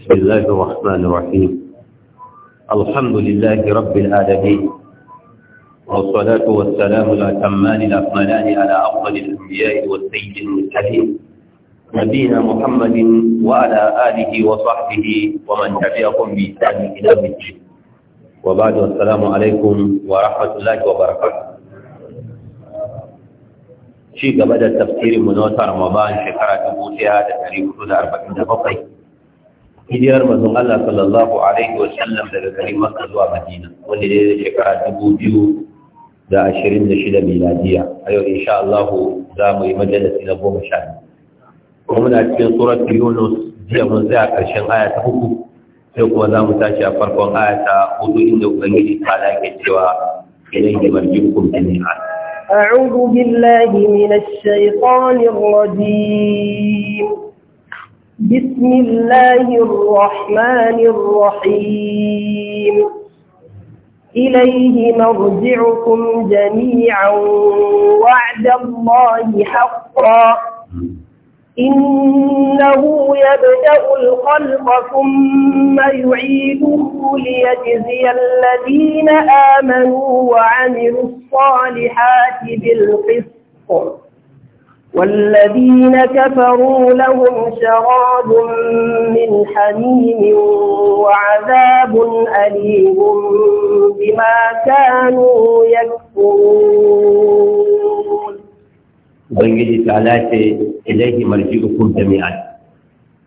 بسم الله الرحمن الرحيم الحمد لله رب العالمين والصلاة والسلام الأتمان الأكملان على أفضل الأنبياء والسيد المرسلين نبينا محمد وعلى آله وصحبه ومن تبعهم بإحسان إلى الدين وبعد السلام عليكم ورحمة الله وبركاته شيء قبل التفسير من رمضان شكرا تبوتها تتريب 47 hijirar mazun Allah sallallahu alaihi wa daga garin maka zuwa Madina wanda ne da shekara dubu biyu da ashirin da shida miladiya a yau insha Allah za mu yi majalisi na goma sha biyu kuma muna cikin surat Yunus jiya mun tsaya karshen aya ta uku sai kuma za mu tashi a farkon aya ta hudu inda ubangiji ta lake cewa idan ki marjin ne a أعوذ بالله من الشيطان الرجيم بسم الله الرحمن الرحيم إليه مرجعكم جميعا وعد الله حقا إنه يبدأ الخلق ثم يعيده ليجزي الذين آمنوا وعملوا الصالحات بالقسط والذين كفروا لهم شراب من حميم وعذاب أليم بما كانوا يكفرون بل يجي تعالى إليه مرجعكم جميعا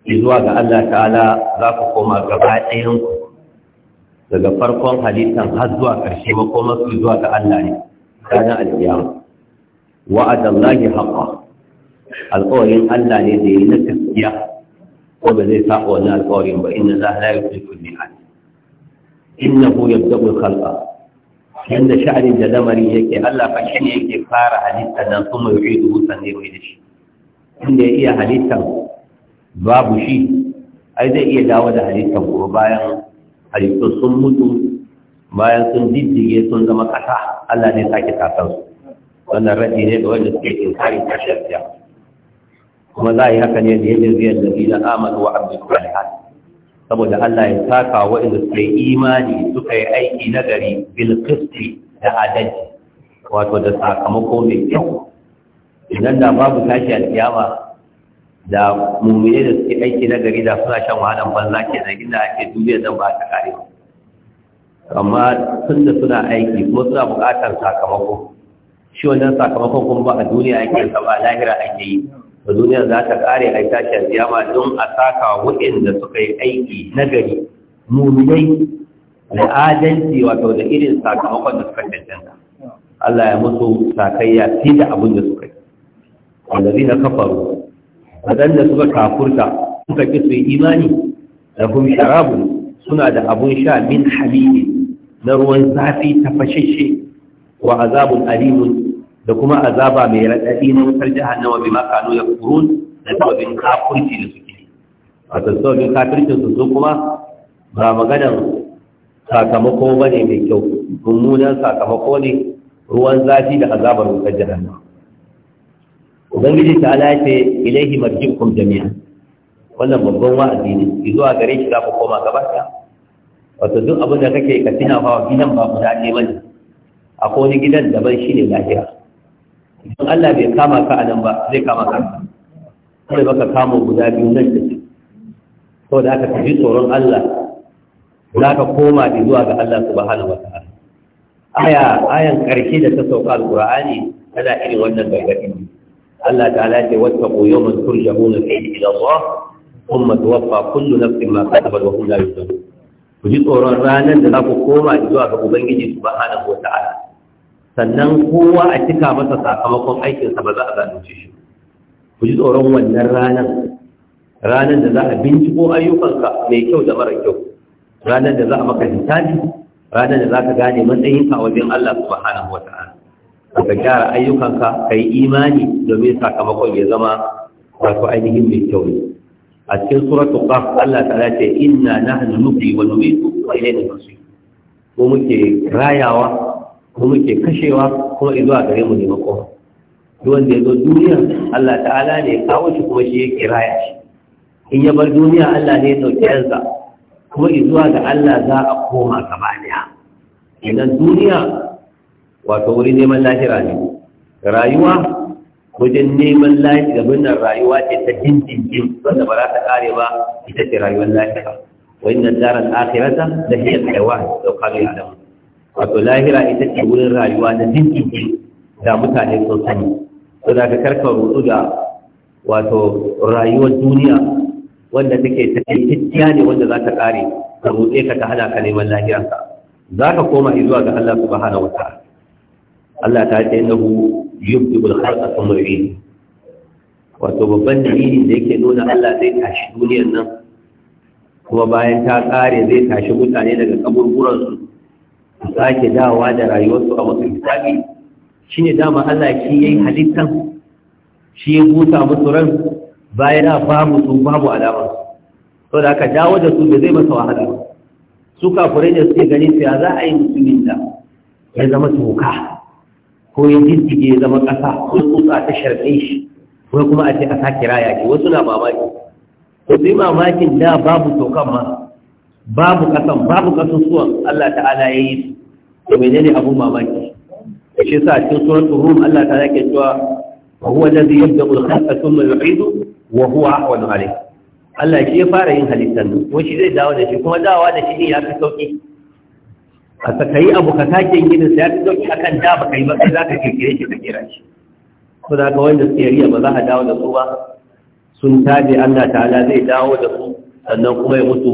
إذ وقع الله تعالى ذاككم أقرباء أيهم حديثا هزوا كرشيمكم إذ وقع الله تعالى وعد الله حقه alƙawarin Allah ne da yi na gaskiya ko ba zai saba wani alƙawarin ba inda za la yukhlifu In na innahu yabda'u al-khalqa Yadda sha'anin da lamarin yake Allah fa shi ne yake fara halitta dan kuma yu'idu sanne mai da shi inda ya iya halitta babu shi ai zai iya dawo da halittar kuma bayan halittu sun mutu bayan sun diddige sun zama ƙasa Allah ne sake kasar su wannan raɗi ne da wanda suke inkari ta shafiya kuma za a yi haka ne da yadda zai yadda zai amanu wa Abdullahi salihan saboda Allah ya saka waɗanda suka yi imani suka yi aiki na gari bilkisti da adalci wato da sakamako mai kyau idan da babu tashi alkiyama da mummune da suke aiki na gari da suna shan wahalan banza ke nan inda ake duniya zan ba ta kare amma tun da suna aiki kuma suna buƙatar sakamako shi wannan sakamakon kuma ba a duniya ake saba lahira ake yi da duniya za ta kare a tashin ziyama don a saka waɗanda suka yi aiki nagari muminai da adalci wato da irin sakamakon da suka cancanta Allah ya mutu sakayya fi da abin da suka yi wallazi na kafaru waɗanda suka kafurta suka ki su yi imani da kuma suna da abun sha min halili na ruwan zafi tafashashe wa azabun alimun da kuma azaba mai raɗaɗi na wutar jahannama bi ma kanu ya kurun da sababin kafirci da suke a sababin kafircin su su kuma ba maganan sakamako ba ne mai kyau mummunan sakamako ne ruwan zafi da azabar wutar jahannama ubangiji ta alaƙe ilaihi marjin kun jami'a wannan babban wa'azi ne zuwa gare shi za ku koma gaba ta wato duk abin da kake ka tunawa fa gidan ba ba ne a akwai wani gidan daban shine lahira in Allah bai kama ka a nan ba zai kama ka sai baka kama guda biyu nan da shi da aka tafi tsoron Allah za ka koma da zuwa ga Allah subhanahu wa ta'ala aya ayan karshe da ta sauka alqur'ani tana irin wannan gargadi Allah ta'ala ce wattaqu yawman turja'una fihi ila Allah thumma tuwaffa kullu nafsin ma kasabat wa hum la yuzlamun ku ji tsoron ranar da za ku koma zuwa ga Ubangiji subhanahu wa ta'ala sannan kowa a cika masa sakamakon aikinsa ba za a zalunce shi ku ji tsoron wannan ranar ranar da za a binciko ayyukanka mai kyau da mara kyau ranar da za a maka hisabi ranar da za ka gane matsayinka wajen Allah subhanahu wa ta'ala ka gyara ayyukanka ka yi imani domin sakamakon ya zama wato ainihin mai kyau ne a cikin suratul qaf Allah ta'ala ce inna nahnu nuhyi wa numitu wa ilayna ko muke rayawa Kuma muke kashewa kuma izuwa gare mu ne makoma duk wanda ya zo duniya Allah ta'ala ne ya kawo shi kuma shi ya kiraya shi in ya bar duniya Allah ne ya dauki yansa kuma izuwa ga Allah za a koma gaba daya idan duniya wato wuri neman lahira ne rayuwa wajen neman lahira wannan rayuwa ce ta jinjin wanda ba za ta kare ba ita ce rayuwar lahira wa inna daral akhirata la hiya al-hayawan law qala ya'lamu wato lahira ita ce wurin rayuwa na jinjinji da mutane sun sani to da ka karka rutu da wato rayuwar duniya wanda take takaitacciya ne wanda za ta kare ka rutse ka ta hana ka neman lahiranka. za ka koma zuwa ga Allah subhanahu wata. Allah ta ce innahu yubdul khalqa thumma yu'id wato babban dalili da yake nuna Allah zai tashi duniyar nan kuma bayan ta kare zai tashi mutane daga kaburburansu Za ke dawowa da rayuwarsu a masu shi ne dama Allah shi yi halittan shi ya busa musu ran bayan da sun su babu alama to da aka dawo da su bai zai masa wahala su kafurai ne suke gani sai za a yi musulmin da ya zama toka ko ya jijjige ya zama ƙasa ko ya tsutsa ta sharɗe shi ko kuma a ce a sake ke? wasu na mamaki ko sai mamakin da babu tokan ma babu ƙasan babu ƙasusuwan Allah ta'ala ya yi su mai nene abun mamaki shi sa cikin suratul rum Allah ta yake cewa wa huwa alladhi yabda'u sun khalqa thumma yu'idu wa huwa ahwanu alayh Allah shi ya fara yin halittar nan ko shi zai dawo da shi kuma dawowa da shi ne ya fi sauki a sakayi abu ka sake ginin sa ya fi sauki akan da ka yi ba sai zaka kirkire shi ka kira shi ko da ka wanda suke riya ba za a dawo da su ba sun tabi Allah ta'ala zai dawo da su sannan kuma ya mutu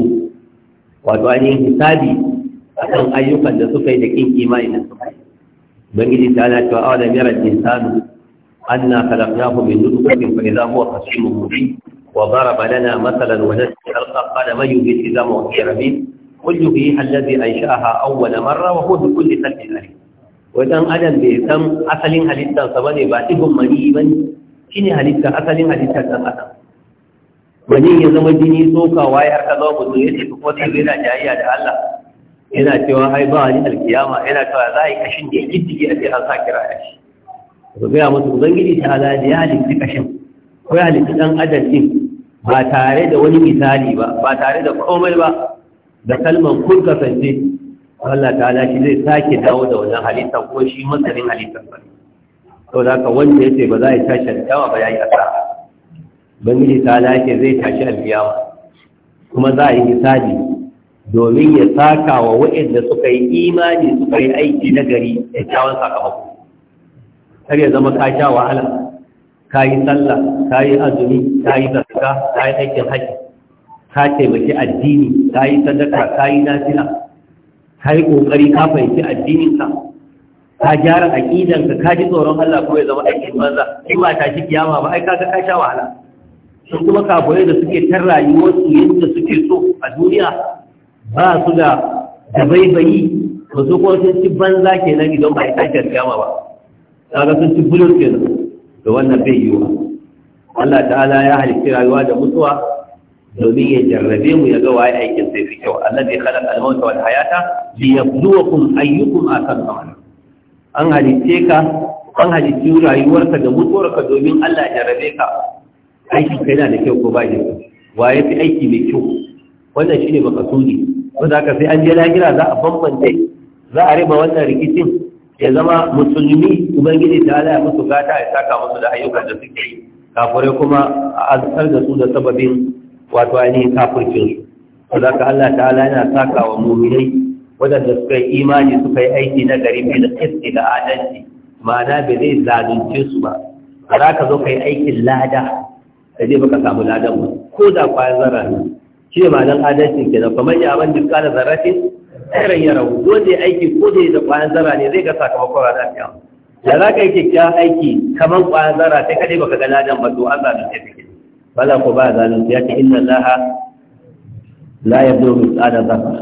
wato ainihin hisabi akan ayyukan da suka yi da kin imani da suka yi ubangiji ta ala cewa awalam yara insanu anna khalaqnahu min nutfatin fa idha huwa khasimun mubin wa daraba lana mathalan wa nasiya khalqa qala man yuhyi al-izama wa hiya rabin qul yuhyiha alladhi ansha'aha awwala marra wa huwa bi kulli khalqin alim wajen adam bai san asalin halittarsa ba ne ba ɗigon mani ba ne shi halitta asalin halittar ɗan adam mani ya zama jini tsokawa ya harka zama mutum ya tafi ko sai yana jayayya da Allah yana cewa ai ba ni alkiyama yana cewa za a yi kashin da ya kittige a sai an sa kira ya shi ku gaya musu ubangiji ta ala ya halitta kashin ko ya halitta dan adam din ba tare da wani misali ba ba tare da komai ba da kalman kun kasance Allah ta shi zai sake dawo da wannan halitta ko shi masanin halittar ba to da ka wanda yake ba za a yi tashi dawa ba ya yi asara ubangiji ta zai tashi alkiyama kuma za a yi misali domin ya saka wa waɗanda suka yi imani suka yi aiki na gari da kyawun sakamako har ya zama ka sha wahala ka yi sallah ka yi azumi ka yi zakka ka yi aikin haƙi ka taimaki addini ka yi sadaka ka yi nafila ka yi ƙoƙari ka fahimci addininka ka gyara aƙidanka ka ji tsoron Allah ko ya zama aikin banza in ba ta shi kiyama ba ai kaga ka sha wahala sun kuma kafirai da suke tar rayuwarsu yadda suke so a duniya ba su da dabaibayi ba su kuma sun ci banza nan idan ba a tashar kyama ba kaga sun ci ke nan da wannan bai yiwa Allah ta'ala ya halitta rayuwa da mutuwa domin ya jarrabe mu ya ga waye aikin sai fi kyau Allah bai khalaq al-mauta wal hayata li yabluwakum ayyukum ahsanu amala an halitte ka an halitti rayuwarka da mutuwarka domin Allah ya jarrabe ka aiki kai na da kyau ko ba shi waye fi aiki mai kyau wannan shine makasudi wanda aka sai an je lahira za a bambance za a riba wannan rikicin ya zama musulmi ubangiji ta ala ya musu gata ya saka musu da ayyukan da suke yi kafure kuma a azkar da su da sababin wato ainihin kafurkin su za ka Allah ta ala yana saka wa muminai wadanda suka yi imani suka yi aiki na gari bil qisti da adalci ma'ana bai zai zalunce su ba za ka zo ka yi aikin lada da zai baka samu ladan ba ko da kwayar zarar shi ma nan adalci ke da kamar ya ban duka da zarafin tsairan ya rabu wanda aiki ko da da kwayan zara ne zai ga sakamakon ranar kiyama da za ka yi kyakkyawan aiki kamar kwayan zara sai kadai baka ga ladan ba to an zalunce Ba za ku ba zalun ya ce inna laha la yabdu tsada zafa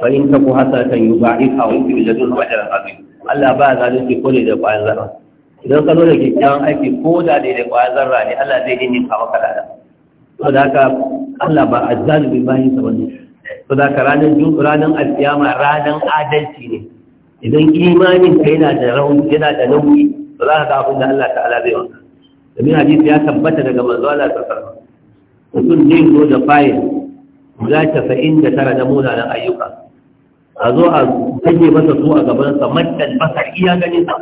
fa in ka taku hasanatan yudha'ifha da yu'ti ladun wajen azim Allah ba zalun ke ko da kwayan zara idan ka zo da kyakkyawan aiki ko da da kwayan zara ne Allah zai yi ninka da ladan to da ka Allah ba azzalimi bayin sa wani to da haka ranar ranar alkiyama ranar adalci ne idan imanin ka yana da rauni yana da nauyi to za ka ga abin da Allah ta'ala zai wanka domin hadisi ya tabbata daga manzo Allah sallallahu alaihi mutum zai zo da fayil guda casa'in da tara na munanan ayyuka a zo a tage masa su a gabansa mattan basar iya ganin sa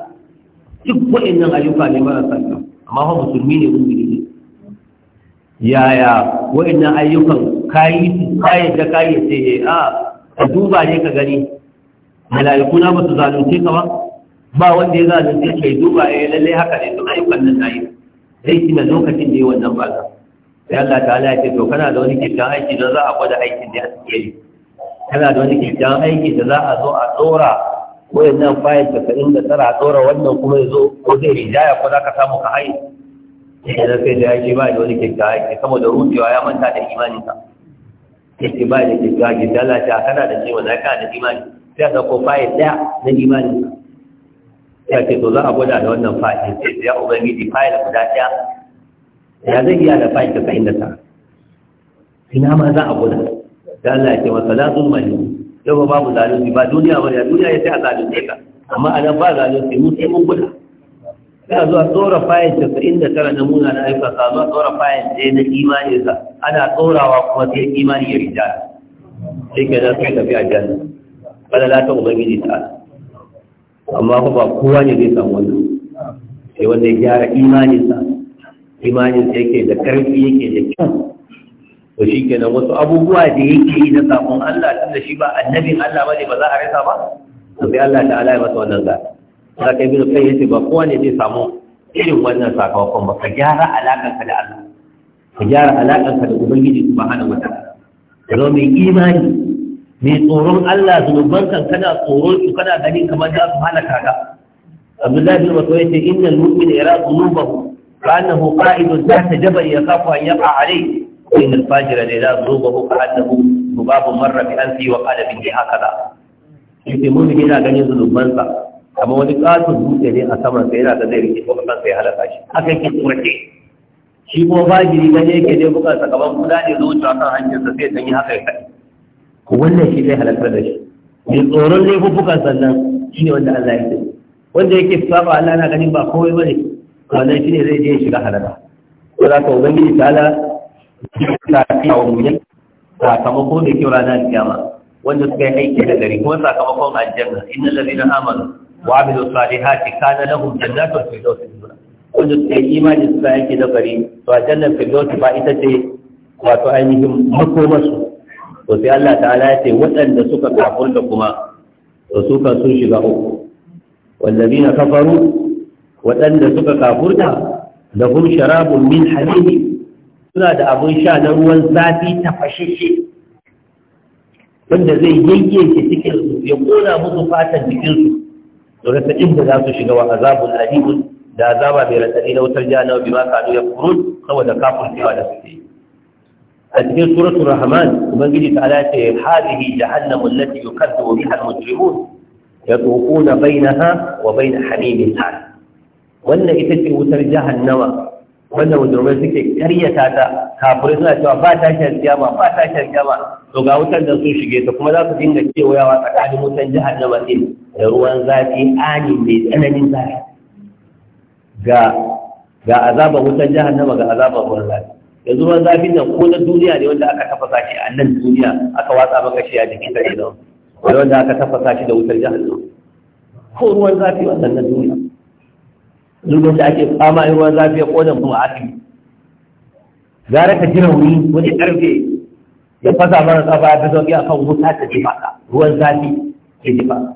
duk wa'annan ayyuka ne marasa kyau amma fa musulmi ne mun gidi yaya wa'annan ayyukan kayi kayi da kayi sai a ka duba ne ka gani malaiku na ba su zalunce ka ba ba wanda ya zalunce ka yi duba ya eh, lalle haka ne duk ayyukan nan nayi sai kina lokacin da ya wannan ba ka sai Allah ta'ala ya ce to kana da wani kyakkyawan aiki da za a gwada aikin da ya yi kana da wani kyakkyawan aiki da za a zo a tsora wayannan fayil da ka inda tsara a tsora wannan kuma ya zo ko zai rinjaya ko za ka samu ka haihu? yake da sai da ya ba da wani kyakkyawa ke saboda rutewa ya manta da imaninka yake ba da kyakkyawa ke lalata kana da cewa na kana da imani sai aka ko fayi daya na imaninsa ya ce to za a gwada da wannan fayi sai ya ubangiji fayi da guda daya ya zai iya da fayi ta fahimta ta ina ma za a gwada da Allah ya ce masa la zulma ne yau babu zalunci ba duniya ba duniya ya sai a zalunce ka amma a nan ba zalunci mu sai mun gwada sai zuwa tsora fayin casa'in da tara na muna na sa zuwa tsora fayin ɗaya na imaninsa ana tsorawa kuma sai imani ya rija sai ke nan sai tafi aljanna bala la ta ubangiji ta amma ku ba kowa ne zai samu wannan sai wanda ya gyara imaninsa sa yake da karfi yake da kyau to shi kenan wasu abubuwa da yake yi na sabon Allah tun da shi ba annabin Allah ba ne ba za a rasa ba sai Allah ta'ala ya masa wannan gaba za ka yi bin kai yace ba kowa ne zai samu irin wannan sakamakon ba ka gyara alaƙanka da Allah ka gyara alaƙanka da Ubangiji hana wataala ka zama mai imani mai tsoron Allah zunuban kan kana tsoron su kana gani kamar za su hana kaka? Abdullahi bin Mas'ud yace innal mu'mina yara dhunubahu ka'annahu qa'idun tahta jabal yakhafu an yaqa alayhi إن الفاجر لا ذنوبه كأنه ذباب مر haka وقال به هكذا يتمون هنا غني zunubansa. amma wani katon dutse ne a saman sai yana da zai rike ko kan sai halaka shi aka yake kurke shi kuma fajiri dan yake dai bukan sakamakon kula ne zo ta kan hanyar sa sai dan yi haka ya kai wannan shi zai halaka da shi ne tsoron ne laifukan sannan shi ne wanda Allah ya yi. wanda yake saba Allah na ganin ba kowai bane wannan shi ne zai je shiga halaka ko za ka ubangiji ta ala ta kawo mu ne sakamako da kyau ranar kiyama wanda suka yi aiki da gari kuma sakamakon aljanna Inna lalina amanu wa amilu salihati kana lahum jannatun firdaus nuzula wanda suka yi imani suka yake gari, to a jannar firdaus ba ita ce wato ainihin makomarsu to sai Allah ta'ala ya ce waɗanda suka kafurta kuma to su kan sun shiga uku wallazina kafaru waɗanda suka kafurta da hum sharabun min hamimi suna da abun sha na ruwan zafi ta fashishe wanda zai yayyanke cikin su ya kona musu fatan jikinsu dole ta inda za su shiga wa azabun alimun da azaba mai ratsari na wutar jana bi ma kanu ya furun saboda kafin cewa da suke a cikin suratun rahman ubangiji ta ala ce hadihi jahannamu allati yukazzabu biha al-mujrimun na bainaha wa bain hamimin ta. wannan ita ce wutar jahannama wanda mujrimai suke karyata ta kafirai suna cewa ba ta shan kiyama ba ta shan kiyama to ga wutar da sun shige ta kuma za su dinga kewayawa tsakanin wutan na din da ruwan zafi ani mai tsananin zafi ga ga azaban wutan na ga azabar ruwan zafi yanzu ruwan zafi nan ko na duniya ne wanda aka tafasa shi a nan duniya aka watsa maka shi a jikin sa ne wanda aka tafasa shi da wutar jahannama ko ruwan zafi wannan na duniya lokacin ake fama yi ruwan zafi ya kodan kuma ake gara ka jira wuri wani karfe ya fasa mana tsafa ya fi sauki a kan wuta ta jefa ka ruwan zafi ya jefa ka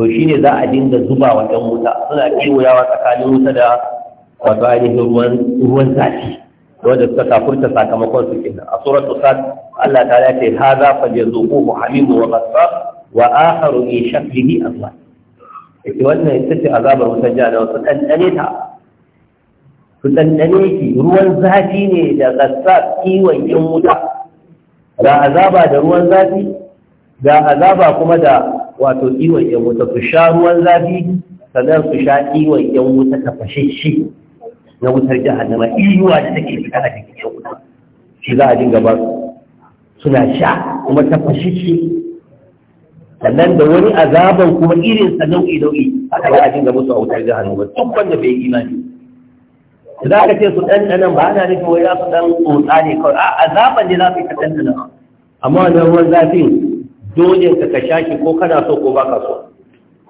to shi ne za a dinga zuba wa ɗan wuta suna kewayawa tsakanin wuta da wato ainihin ruwan zafi wanda suka kafurta sakamakon su kenan a suratul sad Allah ta ce hadha fa yazuquhu muhammadu wa qassar wa shafi min a zuwa? ita wannan ita ce azabar wutar jihar wasu ɗanɗane ta su ɗanɗane ki ruwan zafi ne da gassa kiwon yan wuta ga azaba da ruwan zafi ga azaba kuma da wato kiwon yan wuta su sha ruwan zafi sannan su sha kiwon yan wuta ta fashe shi na wutar jihar nama iyuwa da take fita a jikin yan wuta shi za a dinga ba suna sha kuma ta fashe shi sannan da wani azaban kuma irin sa nau'i nau'i haka za a dinga musu a wutar ba duk wanda bai imani za ka ce su ɗanɗanan ba ana nufin wai za su ɗan tsotsa ne kawai a azaban ne za su yi ka ɗanɗana amma wannan ruwan zafin dole ka ka sha shi ko kana so ko baka so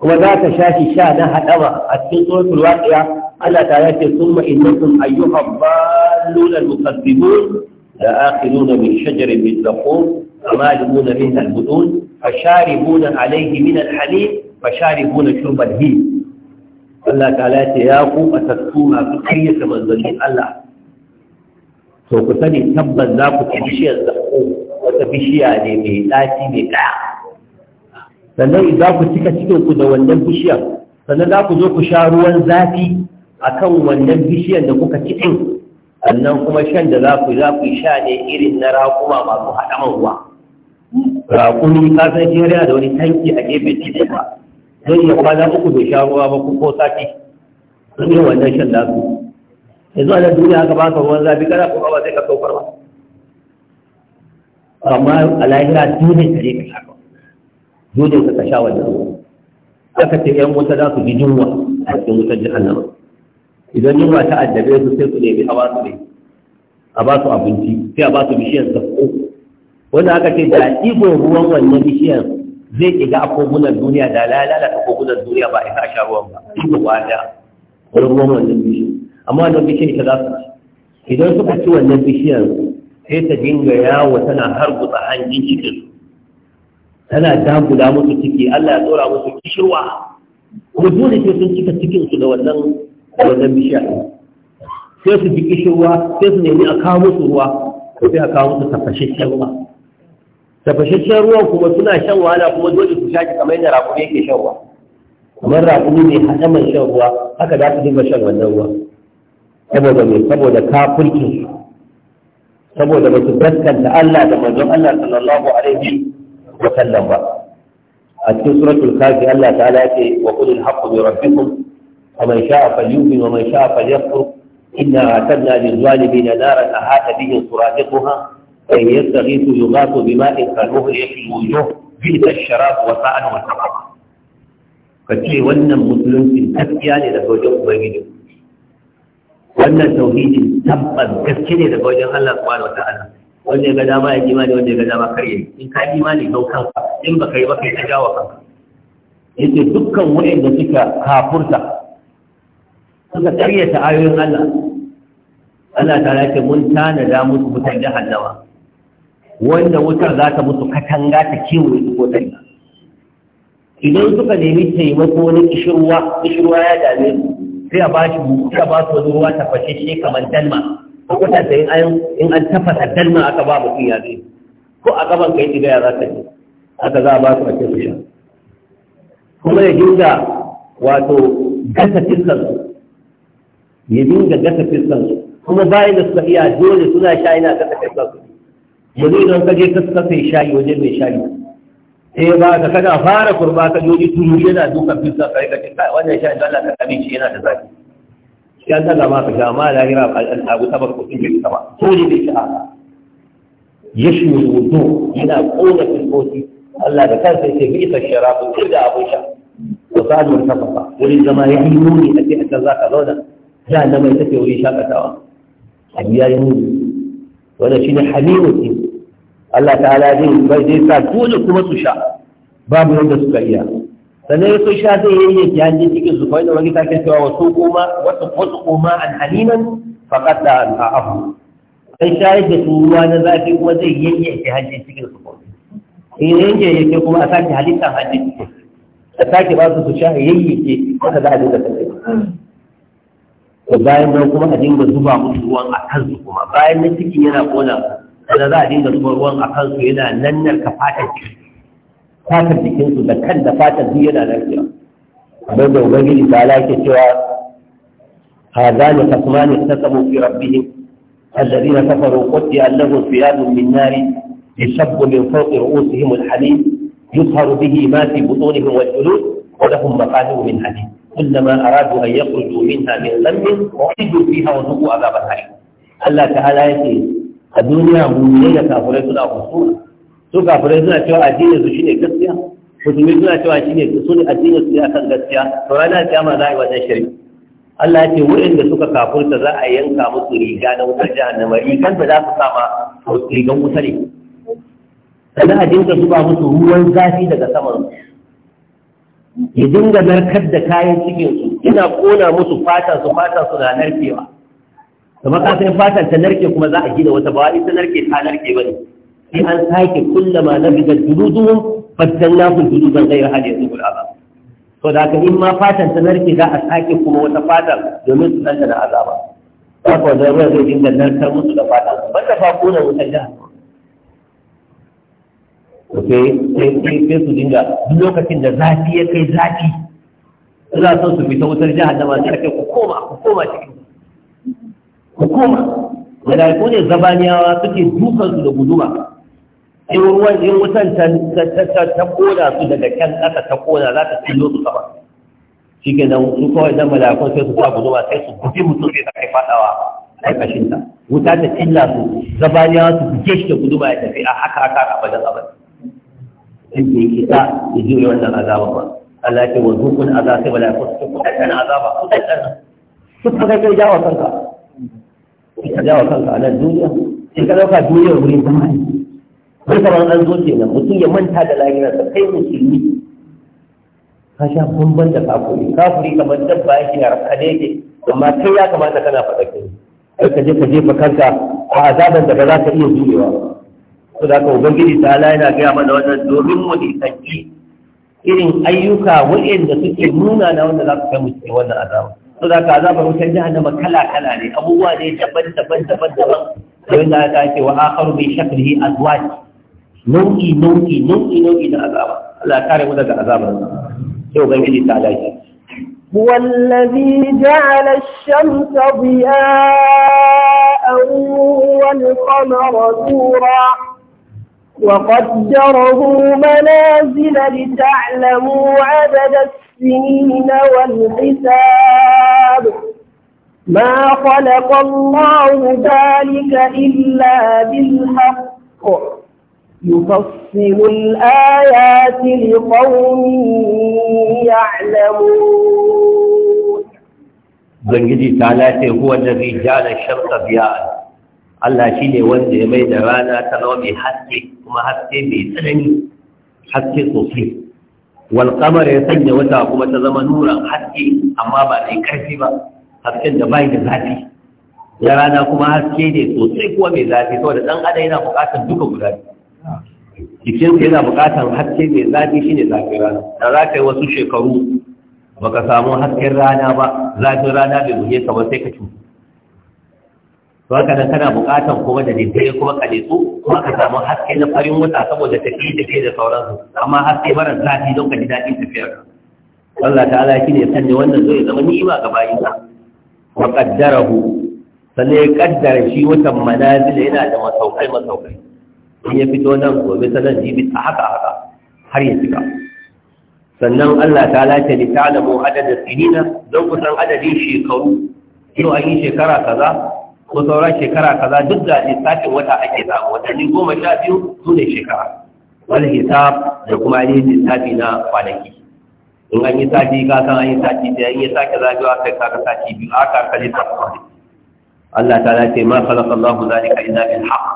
kuma za ka sha shi sha na hadama a cikin suratul waqiya Allah ta yace summa innakum ayyuha balluna al-mukaththibun la akhiruna min shajarin min zaqum amaluna minha al-budun fasharibuna alaihi min alhamim fasharibuna shurbal him Allah ta'ala ya ce ya ku matattu masu karyata manzannin Allah to ku sani tabbas za ku ci bishiyar zaƙo wata bishiya ne mai ɗaci mai ɗaya sannan za ku cika cikin ku da wannan bishiyar sannan za ku zo ku sha ruwan zafi a kan wannan bishiyar da kuka ci ɗin sannan kuma shan da za ku yi, za ku sha ne irin na raƙuma masu haɗa ruwa raƙuni ka san shi da wani tanki a gefe cikin ba zai iya kwana uku bai sha ruwa ba ko sati sun yi wannan shan lasu yanzu ana duniya haka ba ka ruwan zafi kana kuma ba zai ka saukar ba amma a lahira dole ka je ka sha dole ka ka sha wannan ruwa aka ce yan wuta za su ji jinwa a cikin wutar jahannama idan yunwa ta addabe su sai su nemi a ba su ne a ba su abinci sai a ba su bishiyar sako wanda aka ce da igon ruwan wannan bishiyar zai kiga a kogunan duniya da lalata kogunan duniya ba a sha ruwan ba igon wada wani ruwan wannan bishiyar amma wannan bishiyar ita za su ci idan suka ci wannan bishiyar sai ta dinga yawo tana hargutsa hanjin cikin tana dagula musu ciki Allah ya tsora musu kishirwa kuma dole sai sun cika cikin su da wannan da wannan bishiya sai su ji kishirwa sai su nemi a kawo musu ruwa ko sai a kawo musu tafashashen ruwa tafashashen ruwan kuma suna shan wahala kuma dole su shaki kamar yadda rakumi yake shan ruwa kamar rakumi mai haɗaman shan ruwa haka za su dinga shan wannan ruwa saboda mai saboda kafurkin saboda ba su gaskanta Allah da manzon Allah sallallahu alaihi wa sallam ba a cikin suratul kafi Allah ta'ala ya ce wa qulil haqqu bi rabbikum wa man sha'a falyu'min wa man sha'a falyakfur inna a'tadna lil zalimin naran ahata bihi suradiquha أن يستغيث يغاث بماء كالمهل يشي الوجوه بئس الشراب وساء وسقط kace wannan musulunci gaskiya ne daga wajen ubangiji wannan tauhidi tabbas gaskiya ne daga wajen Allah subhanahu wataala wanda ya ga dama ya imani wanda ya ga dama kar in ka imani kau kanka in baka yi ba kai ta jawo kanka yace dukkan wanda suka kafurta suka karyata ayoyin Allah Allah ta mun tana da musu mutan jahannama wanda wutar za ta musu katanga ta kewaye su ko tsaye idan suka nemi taimako na kishirwa kishirwa ya dame su sai a bashi buhu a ba su wani ruwa tafashashe kamar dalma ko kuta da in an tafasa dalma aka ba mutum ya zai ko a gaban kai diga ya za ka yi aka za a ba su a cikin sha kuma ya dinga wato gasa fiskansu ya dinga gasa fiskansu kuma bayan da suka iya dole suna sha yana gasa fiskansu yanzu idan ka je ka kafe shayi wajen mai shayi sai ba ka kana fara kurba ka joji turu yana dukan fiska ka rika cin wannan shayi da Allah ka kame shi yana da zafi shi an daga ma ka sha amma lahira abu ta baka kuɗin bai sama ko ne bai sha ya shi wudu yana ƙona fiskoki Allah da kansa ya ce bi isa sharafu sai da abun sha to sa'adun kafafa wurin zama ya yi muni a ce a can za ka zauna ya na mai tafiya wurin shakatawa abu ya yi muni wannan shi ne halimu Allah ta'ala zai bai zai sa dole kuma su sha babu yadda suka iya sannan ya sun sha zai yi ya ji cikin su kawai da wani take cewa wasu kuma wasu wasu kuma an haliman faqad da al'afu sai sha yadda su ruwa na zafi kuma zai yanyanke hajji cikin su kawai in yanke ke kuma a sake halittar hajji cikin a sake ba su su sha yayyake haka za a dinga tafiya to bayan nan kuma a dinga zuba musu ruwan a kansu kuma bayan na cikin yana kona da za a dinga zuba ruwan a kansu yana nan ka fatar fatar jikinsu da kan da fatar duk yana lafiya abin da ubangiji ta lake cewa هذان خصمان اختصموا في ربهم الذين كفروا قطع لهم ثياب من نار يشب من فوق رؤوسهم الحليم يظهر به ما في بطونهم والجلود ولهم مقالب من حديد كلما ارادوا ان يخرجوا منها من ذنب اعيدوا فيها وذوقوا عذاب الحريم الله تعالى a duniya mummune da kafirai suna kusura. su kafirai suna cewa addinin su shine gaskiya musulmi suna cewa shine su ne addinin su ne akan gaskiya to rana kiyama za a yi wa shari'a Allah ce da suka kafurta za a yanka musu riga na wutar jahannama rigan da za su sama rigan wuta ne sannan a dinga zuba musu ruwan zafi daga saman ya dinga narkar da kayan cikinsu yana kona musu fatan su fatan su na narkewa kamar ka san fatan ta narke kuma za a gida wata ba ita narke ta narke ba ne sai an sake kullama na bigar dududuhun fatan nafin dududan gairar hali yanzu kula ba to da ka in ma fatan ta narke za a sake kuma wata fatan domin su san da azaba za ka wanda ruwan zai dinga narkar musu da fatan ban da fako na wutar oke sai sai su dinga duk lokacin da zafi ya kai zafi suna son su fita wutar jihar da masu ake ku koma ku koma cikin hukuma malaiku ne zabaniyawa suke dukansu da guduma in ruwan in wutan ta koda su daga can ƙasa ta koda za ta cillo su sama shi ke nan su kawai nan malakun sai su sa guduma sai su bufi mutum sai ta kai fadawa ƙarƙashin ta wuta ta cilla su zabaniyawa su buge shi da guduma ya tafi a haka haka a bajan abin in ke kisa ya jure wannan azaba ba Allah ke wa zukun azaba sai malakun su kuɗaɗɗen azaba kuɗaɗɗen su kuɗaɗɗen jawa kanka sai ka jawo kanka a nan duniya sai ka dauka duniyar wurin zama ne bai kamar an zo nan. mutum ya manta da ka kai musulmi ka sha bamban da kafuri kafuri kamar dabba yake a rakane yake amma kai ya kamata kana faɗa kai kai ka je ka jefa kanka a azaban da ba za ka iya jurewa to da ka ubangiji ta ala yana gaya mana wannan domin mu nisanci irin ayyuka da suke nuna na wanda za ka kai musulmi wannan azaba to da ka azabar wutar jahannama kala kala ne abubuwa ne daban daban daban daban don da aka ce wa akharu bi shaklihi azwaj nau'i nau'i nau'i nau'i na azaba Allah ya kare mu daga azabar sai ubangiji ta dace هو الذي جعل الشمس ضياء والقمر نورا وقدره منازل لتعلموا عدد السنين والحساب ما خلق الله ذلك إلا بالحق يفصل الآيات لقوم يعلمون بنجدي تعالى هو الذي جعل الشرق بياء الله شيني وانده ميدرانا تنومي حسي وما حتي بيسرني حتي تصيب wal qamar ya sanya wata kuma ta zama nuran haske amma ba mai karfi ba hasken da bai da zafi Ya rana kuma haske ne sosai kuma mai zafi saboda dan adam yana buƙatar duka guda jikinsa yana buƙatar haske mai zafi shine zafin rana da za ka yi wasu shekaru baka samu hasken rana ba zafin rana bai buge ka ba sai ka cutu to haka nan kana buƙatar kuma da daidai kuma ka netsu kuma ka samu haske na farin wuta saboda tafi da ke da sauransu amma haske mara zafi don ka ji daɗin tafiyar Allah ta'ala shi ne sanya wannan zai zama ni'ima ga bayin bayinsa wa qaddarahu sannan ya kaddara shi wutan manazil yana da masaukai masaukai in ya fito nan gobe sanan jibi a haka haka har ya cika sannan Allah ta'ala ta li ta'lamu adada sinina don ku san adadin shekaru yau a yi shekara kaza ko sauran shekara kaza duk da lissafin wata ake samu watanni goma sha biyu su ne shekara wani hisab da kuma yi lissafi na kwanaki in an yi sati ka san an yi sati sai an yi sake zagawa kai ka sati biyu aka kalli tafi Allah ta ce ma khalaqa Allah zalika illa bil haqq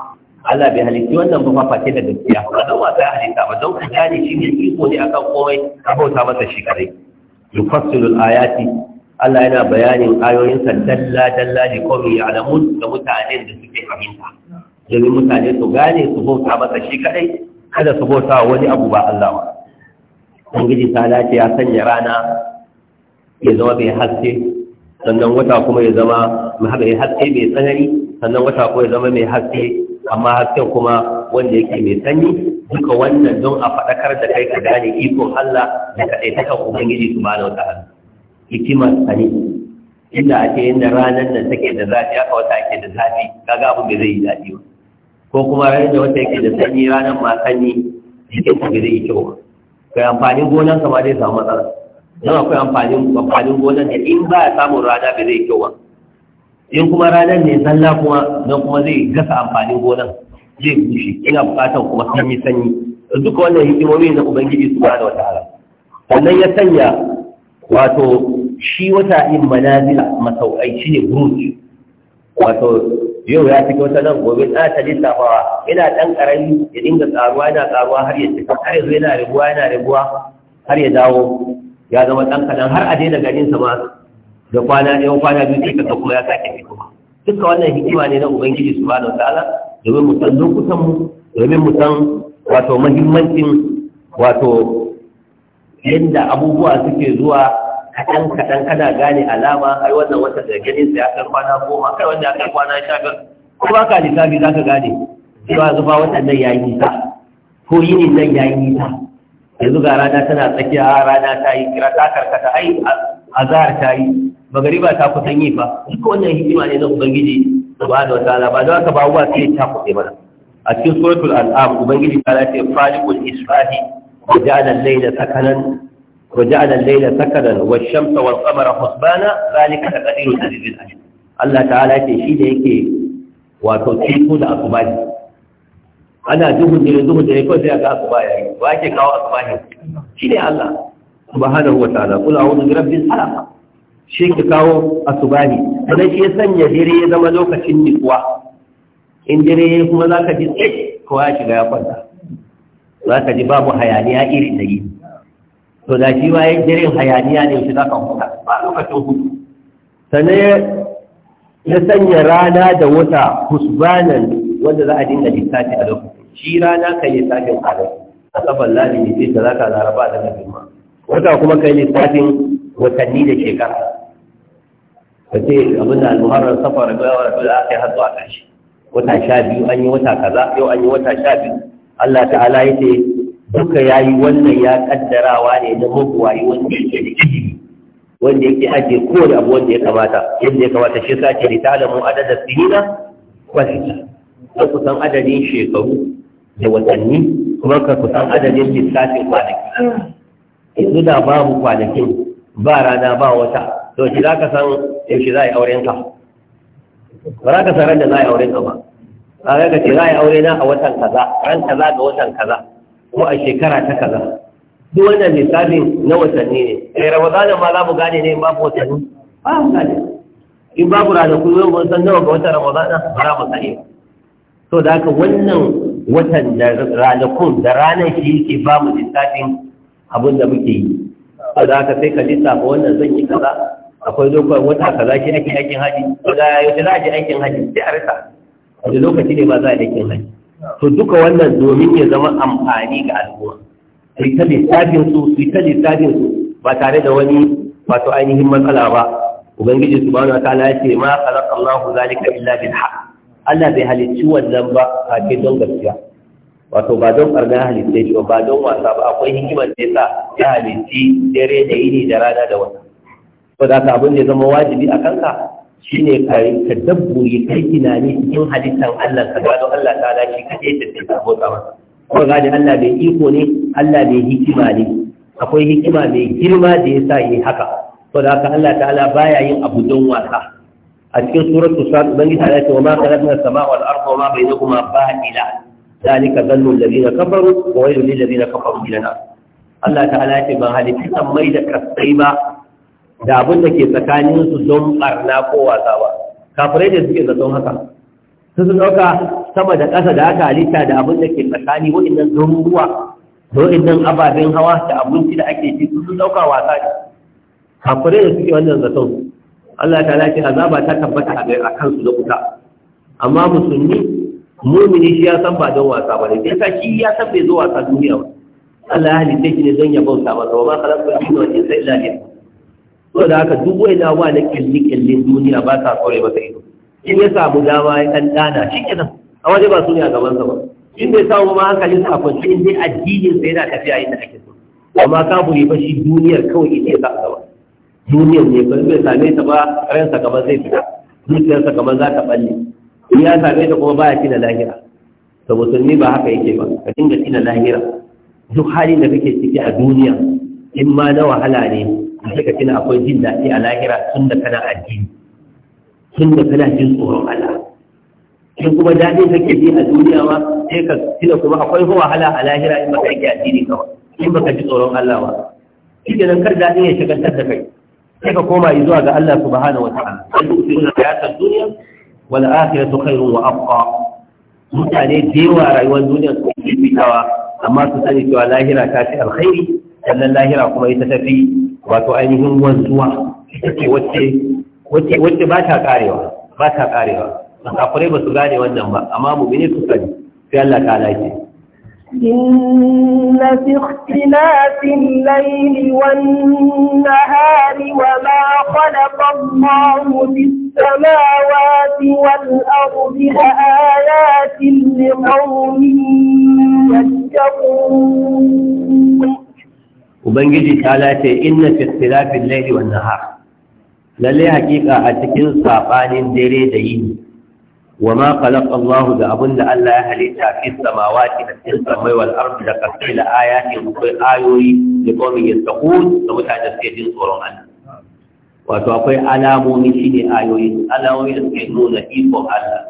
Allah bai halitti wannan ba da gaskiya ba don wasa ya halitta ba don kuka shi ne iko ne akan komai ka bauta masa shi kare yufassilu ayati Allah yana bayanin ayoyinsa dalla dalla ne kawai ya alamun da mutanen da suke fahimta domin mutane su gane su bauta masa shi kadai kada su bauta wani abu ba Allah ba ubangiji ta dace ya sanya rana ya zama mai haske sannan wata kuma ya zama mai haske mai tsanani sannan wata kuma ya zama mai haske amma haske kuma wanda yake mai sanyi duka wannan don a faɗakar da kai ka gane ikon Allah da kaɗaitakan ubangiji subhanahu wa ta'ala hikimar sani inda ake yin da ranar da take da zafi aka wata ake da zafi kaga abin da zai yi daɗi ba ko kuma ranar da wata yake da sanyi ranar ma sanyi jikin ka zai yi kyau ba kai amfanin gonan ka ma zai samu matsala don akwai amfanin amfanin gonan da in ba ya samun rana ba zai kyau ba in kuma ranar ne zalla kuma don kuma zai gasa amfanin gonan zai bushe ina buƙatar kuma sanyi sanyi duka wannan hikimomi na ubangiji su ba da wata ala sannan ya sanya wato shi wata in manazila masau'ai shi ne buruj wato yau ya cika wata nan gobe na ta fawa yana ɗan ƙarami ya dinga tsaruwa yana tsaruwa har ya cika har yanzu yana rabuwa yana rabuwa har ya dawo ya zama ɗan kaɗan har a daina ganin sa ma da kwana ɗaya kwana biyu sai kaga kuma ya sake kuma duka wannan hikima ne na ubangiji subhanahu wataala domin mu san lokutan mu domin mu san wato muhimmancin wato yadda abubuwa suke zuwa kaɗan kaɗan kana gane alama ai wannan wata da ganin sai aka kwana goma kai wanda aka kwana sha biyar ko ba ka lissafi za ka gane cewa zuba watan nan ya yi nisa ko yini nan ya yi nisa yanzu ga rana tana tsakiya rana ta yi kira ta karkata ai azahar ta yi magariba ta kusan yi fa duk wannan hikima ne na ubangiji subhanahu wa ta'ala ba za ka ba wa sai ta kuɗe mana a cikin suratul al'am ubangiji ta ce faliqul isfahi wa ja'ala da layla sakanan وجعل الليل سكنا والشمس والقمر حسبانا ذلك تقدير العزيز العليم الله تعالى ce shi da yake wato ciko da asuba ne ana duhun dare duhun dare ko sai ga asuba yayi ba ke kawo asuba ne shi ne Allah subhanahu wa ta'ala kula a'udhu bi rabbil falaq shi ke kawo asuba ne sai shi ya sanya dare ya zama lokacin nikuwa in dare kuma zaka ji tsaye ko ya shiga ya kwanta zaka ji babu hayaniya irin da yi to da shi ma ya jirin hayaniya ne shi za ka huta ba lokacin hutu sannan ya sanya rana da wata husbanan wanda za a dinga lissafi a lokacin shi rana kai lissafin kwanaki a kafan lalin da ta za ka laraba da na girma wata kuma yi lissafin watanni da shekara ka ce abin da almuharar safar da gawa da fila aka yi hatsu a ƙarshe wata sha biyu an yi wata kaza yau an yi wata sha biyu allah ta'ala ya ce duka ya yi wannan ya kaddarawa ne na mabuwayi wanda yake da ilimi wanda yake ajiye kowane abu wanda ya kamata yadda ya kamata shi sa ce da talamu adada sinina kwalita don kusan adadin shekaru da watanni kuma ka kusan adadin lissafin kwanaki yanzu da babu kwanakin ba rana ba wata to shi za ka san yaushe za a yi ka ba za ka san ran da za a yi ka ba a ka ce za a yi aure na a watan kaza ran kaza ga watan kaza ko a shekara ta kaza duk wannan misali na watanni ne kai eh, ramadana ma za mu gane ne in babu watanni ba mu gane in babu ranaku yau mun san nawa ga watan ramadana ba za mu sani ba to da haka wannan watan da ranakun da ranar shi yake ba mu lissafin abin da muke yi to da haka sai ka lissafa wannan zan yi kaza akwai lokacin wata kaza shi ake aikin haji to da yau za a je aikin haji sai a rasa. wanda lokaci ne ba za a yi aikin haji to duka wannan domin ya zama amfani ga al'umma sai ta lissafin su su ta lissafin su ba tare da wani wato ainihin matsala ba ubangiji subhanahu wa ta'ala ya ce ma khalaqa Allahu zalika illa bil haqq Allah bai halicci wannan ba kake don gaskiya wato ba don barna halitta ba ba don wasa ba akwai hikimar da yasa ya halitti dare da yini da rana da wata ko da ka abin da zama wajibi a kanka Shi ne ka dabburi kai tunani cikin halittar Allah ka gano Allah ta'ala shi kaɗai da take sabo tsama Kuma gani Allah bai iko ne Allah bai hikima ne akwai hikima mai girma da yasa yi haka to da haka Allah ta'ala baya yin abu don wasa a cikin suratul sad ubangiji ta wa ma khalaqna as-samaa wal arda wa ma bainakuma batila zalika dhannu alladhina kafaru wa waylun lil ladina kafaru min nar Allah ta'ala ya ce ban halitta mai da kasai ba da abin da ke tsakaninsu don barna ko wasa ba kafirai da suke zaton haka su sun ɗauka sama da ƙasa da aka halitta da abin da ke tsakani wa'innan don ruwa da wa'innan ababen hawa da abinci da ake ci sun ɗauka wasa ne kafirai da suke wannan zaton Allah ta lafi azaba ta tabbata a kansu da wuta amma musulmi mumini shi ya san ba don wasa ba ne sai shi ya san bai zo wasa duniya ba Allah ya halitta shi ne don ya bauta masa wa ma khalaqtu al-jinna wal insa illa liya'budun so da haka duk wai na wani kyalli kyalli duniya ba ta kore masa ido in ya samu dama ya kan dana shi kenan a waje ba su ne a gaban sa ba in bai samu ma hankalin sa kwance in dai addinin sa yana tafiya inda ake so amma kafuri fa shi duniyar kawai ita ya sa a gaba duniyar ne ba bai same ta ba ran sa kamar zai fita zuciyarsa kamar za ta balle in ya same ta kuma baya tina lahira da musulmi ba haka yake ba ka dinga tina lahira duk halin da kake ciki a duniya in ma na wahala ne sai ka tuna akwai jin daɗi a lahira tun da kana addini tun da kana jin tsoron Allah in kuma daɗi kake ji a duniya ma sai ka tuna kuma akwai wahala a lahira in baka yi addini ka in baka ji tsoron Allah ba shi nan kar daɗin ya shagaltar da kai sai ka koma zuwa ga Allah subhanahu wa ta'ala sai ku tuna hayatar duniya wal akhiratu khairun wa abqa mutane da yawa rayuwar duniya su ke fitawa amma su sani cewa lahira ta fi alkhairi sannan lahira kuma ita ta fi wato ainihin wanzuwa ita wacce ba ta karewa ba ta karewa kafirai ba su gane wannan ba amma mu'mini su sani sai Allah ta lafiya إن في اختلاف الليل والنهار وما خلق الله في السماوات والأرض لآيات لقوم يتقون ubangiji ta lace inna fi ikhtilafil layli wan nahar lalle hakika a cikin sabanin dare da yini wa ma khalaqa Allahu da abinda Allah ya halitta fi samawati da cikin samai wal ardi da kasai la akwai ayoyi da yattaqun da mutane suke jin tsoron Allah wato akwai alamomi shine ayoyi alamomi da suke nuna ikon Allah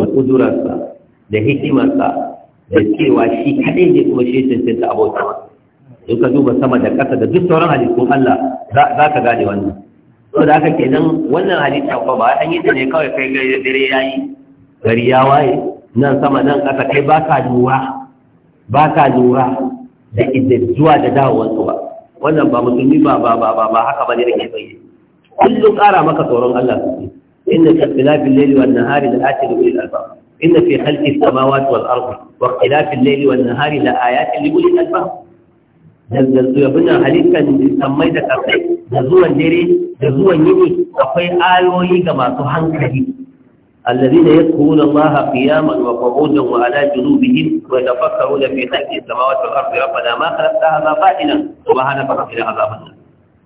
da kudurarsa da hikimarsa da cewa shi kaɗai ne kuma shi cancanta abota in ka duba sama da ƙasa da duk sauran halittun Allah za ka gane wannan Sau da aka ke nan wannan halitta ko ba an yi ta ne kawai kai gari dare yi. gari ya waye nan sama nan ƙasa kai ba ka lura ba ka lura da zuwa da dawowar ba wannan ba musulmi ba ba ba ba haka ba ne da ke bayyana kullum ƙara maka tsoron Allah su inna fi filafin layli wan nahari ake da lil albab inna fi halki samawati wal ardi wa filafin layli wan nahari la ayatin ulil albab da zuwan halittar sammai da kasai da zuwan dare da zuwan yini akwai ayoyi ga masu hankali الذين يذكرون الله قياما وقعودا وعلى جنوبهم ويتفكرون في خلق السماوات والارض ربنا ما خلقت هذا باطلا سبحانك فقنا عذاب النار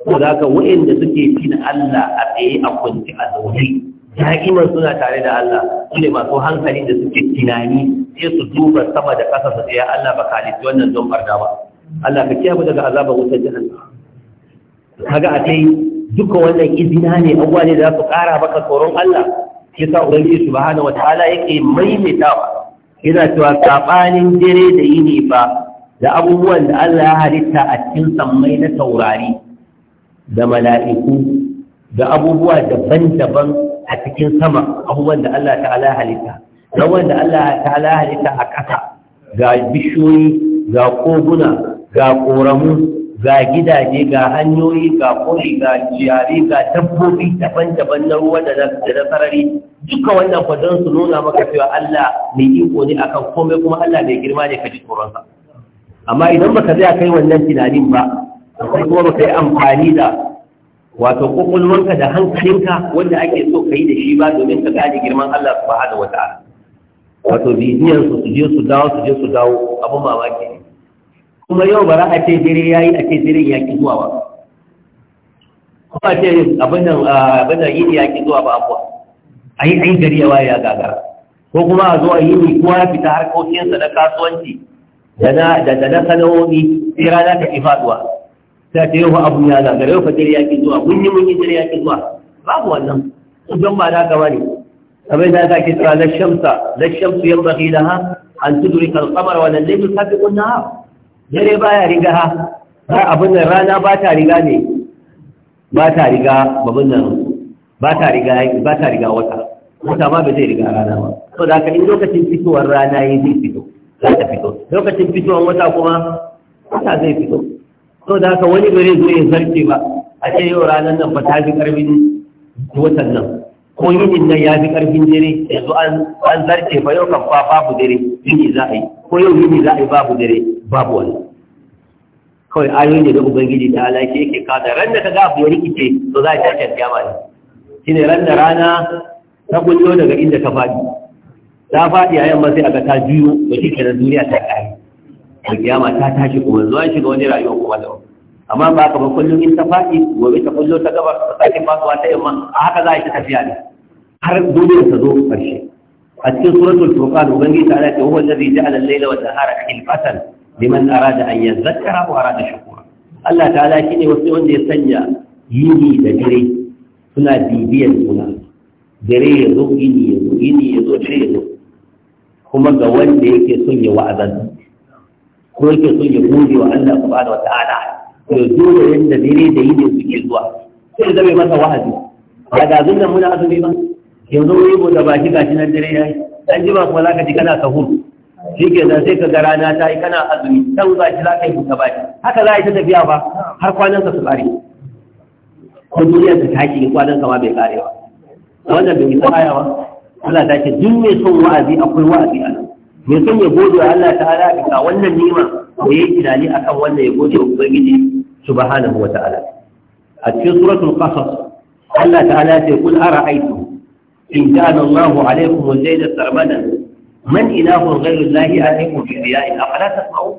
ولكن وين da suke cin Allah a tsaye a kunci a zaune da'iman suna tare da Allah sune masu hankali da suke tunani sai su duba sama da ƙasa su tsaya Allah ba kalifi wannan don barda ba Allah ka kiyaye daga azabar wutar jahannama kaga a kai duka wannan izina ne abuwa ne da za su ƙara maka tsoron Allah ya sa ubangiji subhanahu wataala yake maimaitawa yana cewa sabanin dare da yini ba da abubuwan da Allah ya halitta a cikin sammai na taurari da mala'iku da abubuwa daban-daban a cikin sama abubuwan da Allah ta'ala ya halitta rawan da Allah ta'ala ya halitta a ƙasa ga bishiyoyi ga koguna ga ƙoramu ga gidaje ga hanyoyi ga koli ga jiyari ga dabbobi daban-daban na ruwa da na sarari duka wannan kwadon su nuna maka cewa Allah mai iko ne akan komai kuma Allah mai girma ne ka ji tsoronsa amma idan baka zai kai wannan tunanin ba akwai kuma baka yi amfani da wato kokolwanka da hankalinka wanda ake so ka yi da shi ba domin ka gane girman Allah subhanahu wata'ala wato bidiyan su su je su dawo su je su dawo abun mamaki ne. kuma yau ba za a ce dire ya yi a ce dire ya ki zuwa ba kuma ce abin da yini ya ki zuwa ba abuwa a yi ayi gari yawa ya gagara ko kuma a zo a yi ni kowa ya fita harkokinsa na kasuwanci da na sana'o'i sai rana ta ki faduwa ta ce yau abu ya gagara yau fa dire ya ki zuwa mun yi mun yi dire ya ki zuwa babu wannan don ba na gaba ne kamar da ta ke tsara na shamsa na shamsu yan baki da ha an tudurika wa wannan laifin sabiƙun na ha dare ya riga ha Ba abin nan rana ba ta riga ne ba ta riga babin nan ba ta riga ba ta riga wata wata ma ba zai riga rana ba to da haka in lokacin fitowar rana yi zai fito za ta fito lokacin fitowar wata kuma wata zai fito to da haka wani bare zo ya zarce ba a ce yau ranar nan ba ta fi karfin watan nan ko yinin nan ya fi karfin dare yanzu an zarce ba yau kan fa babu dare yini za a yi ko yau yini za a yi babu dare babu wani kawai ayoyin da da ubangiji da alaƙi yake kada ran da ka ga abu ya rikice to za a tashi alƙiyama ne shine ran da rana ta kullo daga inda ka faɗi ta faɗi a yamma sai aka ta juyo da shi na duniya ta ƙare alƙiyama ta tashi kuma zuwa shiga wani rayuwa kuma da amma ba ka ba kullum in ta faɗi gobe ta kullum ta gaba ta sake fasuwa ta yamma a haka za a yi ta tafiya ne har duniyar ta zo ƙarshe a cikin suratul furqan ubangiji ta ala ce huwa allazi ja'ala al-layla wan nahara khilfatan liman arada an yazakkara wa arada shukura Allah ta'ala shine wasu wanda ya sanya yini da dare suna bibiyar suna dare ya zo yini ya zo yini ya zo dare ya zo kuma ga wanda yake son ya wa'azan ko yake son ya gode wa Allah subhanahu wa ta'ala ya zo da yanda dare da yini suke zuwa sai zame masa wa'azi ba da zunnan muna azumi ba yanzu wani da baki gashi nan dare yayi an ji ba kuma za ka ji kana sahur shi ke nan sai ka ga rana ta yi kana azumi don za ki za ka yi buta ba haka za a yi ta tafiya ba har kwanan ka su tsari. ko duniya ta tashi in kwanan ka ma bai kare ba wannan bai isa baya ba Allah ta ce duk mai son wa'azi akwai wa'azi a nan mai son ya gode wa Allah ta'ala bisa wannan nima ko yayi tunani akan wannan ya gode wa ubangiji subhanahu wa ta'ala a cikin suratul qasas Allah ta'ala ya ce kul ara'aytum in kana Allahu alaykum al-layla sarmadan man ilahun ghairu lahi a aimu bi a fala ta tsawo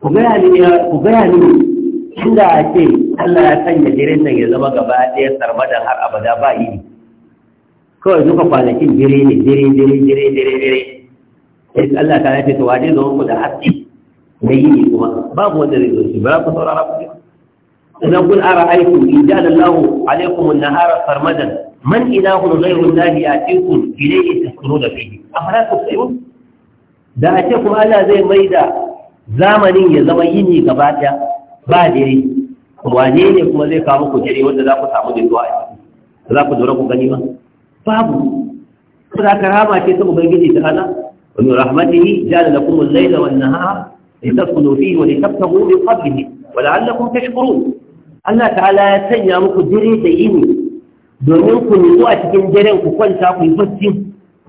ku gaya ku gaya ni inda a ce Allah ya sanya jirin nan ya zama gaba ɗaya sarmadan har abada ba yi kawai duka kwanakin jire ne jire jire jire jire jire sai Allah ta yace to waje zo ku da haske na yi kuma babu wanda zai zo shi ba ku saurara ku idan kun ara aiku idan Allah alaikum an-nahara sarmadan man ilahun ghairu allahi atikum ilayhi tasruna fihi afala tusirun da a ce kuma Allah zai maida zamanin ya zama yini gaba daya ba dare wane ne kuma zai kawo muku dare wanda za ku samu da zuwa za ku dora ku gani ba babu kuma rama ce ta ubangiji ta Allah wa min rahmatihi ja'ala lakum al-layla wan-nahara litaskunu fihi wa litabtaghu min fadlihi wa la'allakum tashkurun Allah ta'ala ya sanya muku dare da yini domin ku nutsu a cikin daren ku kwanta ku yi bacci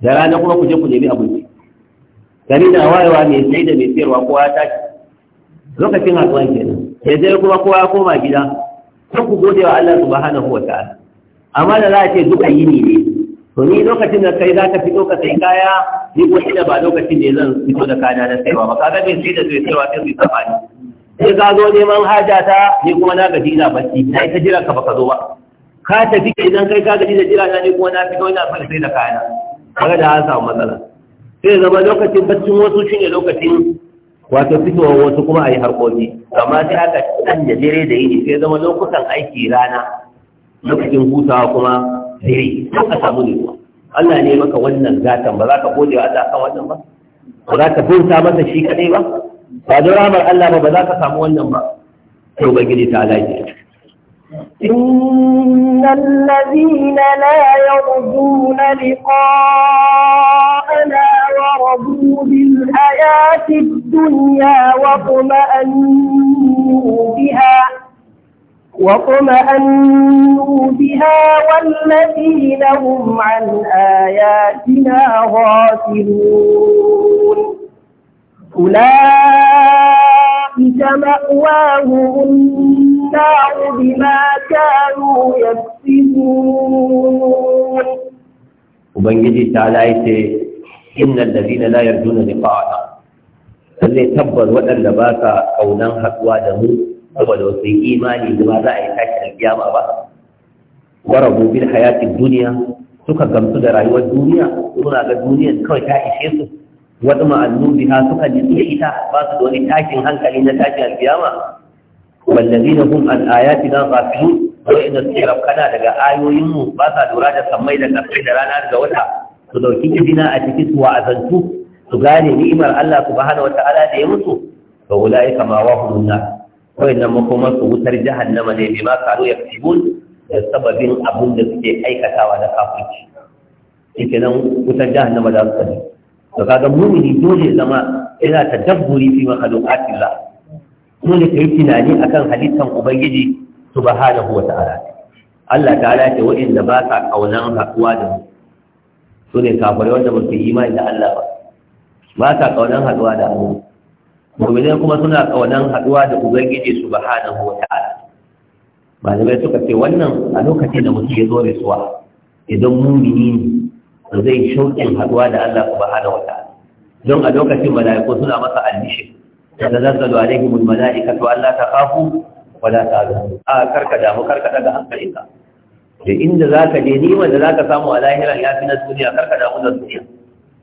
da rana kuma ku je ku nemi abinci gari na wayewa mai sai da mai sayarwa kowa ya tashi lokacin haɗuwa kenan sai zai kuma kowa ya koma gida sai ku gode wa Allah subhanahu wa ta'ala amma da za a ce duka yini ne to ni lokacin da kai za ka fito ka sai kaya ni ko ina ba lokacin ne zan fito da kaya na sayarwa ba kaga mai sai da zai sayarwa, sai zai safani sai ka zo neman hajata, ni kuma na gaji ina bacci na ita jira ka baka zo ba ka tafi ka idan kai ka gaji da jira na ne kuma na fi kawai wani alfan sai da kayana kaga da an samu matsala sai zama lokacin baccin wasu shine lokacin wato fitowar wasu kuma a yi harkoki amma sai aka da dare da yini sai zama lokutan aiki rana lokacin hutawa kuma dare don a samu ne Allah ne maka wannan gatan ba za ka gode wa Allah kan wannan ba ba za ka bauta masa shi kadai ba ba don ramar Allah ba ba za ka samu wannan ba to ba gidi ta alaƙi إن الذين لا يرجون لقاءنا ورضوا بالحياة الدنيا واطمأنوا بها وطمأنوا بها والذين هم عن آياتنا غافلون أولئك مأواهم النار بما كانوا يكسبون وبنجي تعالى إيه؟ إن الذين لا يرجون لقاءنا فلي تبر وأن لباسا أو ننهك وادمو أولو في إيماني لما لا يحاك القيامة ورغوا بالحياة الدنيا suka gamsu da rayuwar duniya suna ga duniyar kawai ta wadda ma'allu biha suka jiki ita ba su da wani takin hankali na takin alkiyama wallazina hum an ayatina ghafilun wa'inda suke rafkana daga ayoyinmu ba sa lura da sammai da ƙarfi da rana daga wata su dauki izina a cikin su wa'azantu su gane ni'imar Allah subhanahu ala da ya mutu fa ulai kama wa hunna wa'innan makomar su wutar jahannama ne bi ma kanu yaktibun da sababin abin da suke aikatawa da kafirci shikenan wutar jahannama da su to kaga mumini dole zama yana dabburi fi makhluqatillah dole kai tunani akan halittan ubangiji subhanahu wa ta'ala Allah ta'ala ce inda ba sa kaunan haɗuwa da mu su ne kafare wanda ba su yi imani da Allah ba ba sa kaunan haɗuwa da mu mu'minai kuma suna kaunan haɗuwa da ubangiji subhanahu wa ta'ala malamai suka ce wannan a lokacin da mutum ya zo rasuwa idan mumini ne zai shauƙin haɗuwa da Allah subhanahu wa ta'ala don a lokacin mala'iku suna masa almishi da zazzalu alaihim almala'ika to Allah ta kafu khafu wala ta'ala a karka damu karka daga hankalinka da inda zaka je ni wanda zaka samu a lahiran fi na duniya karka damu da duniya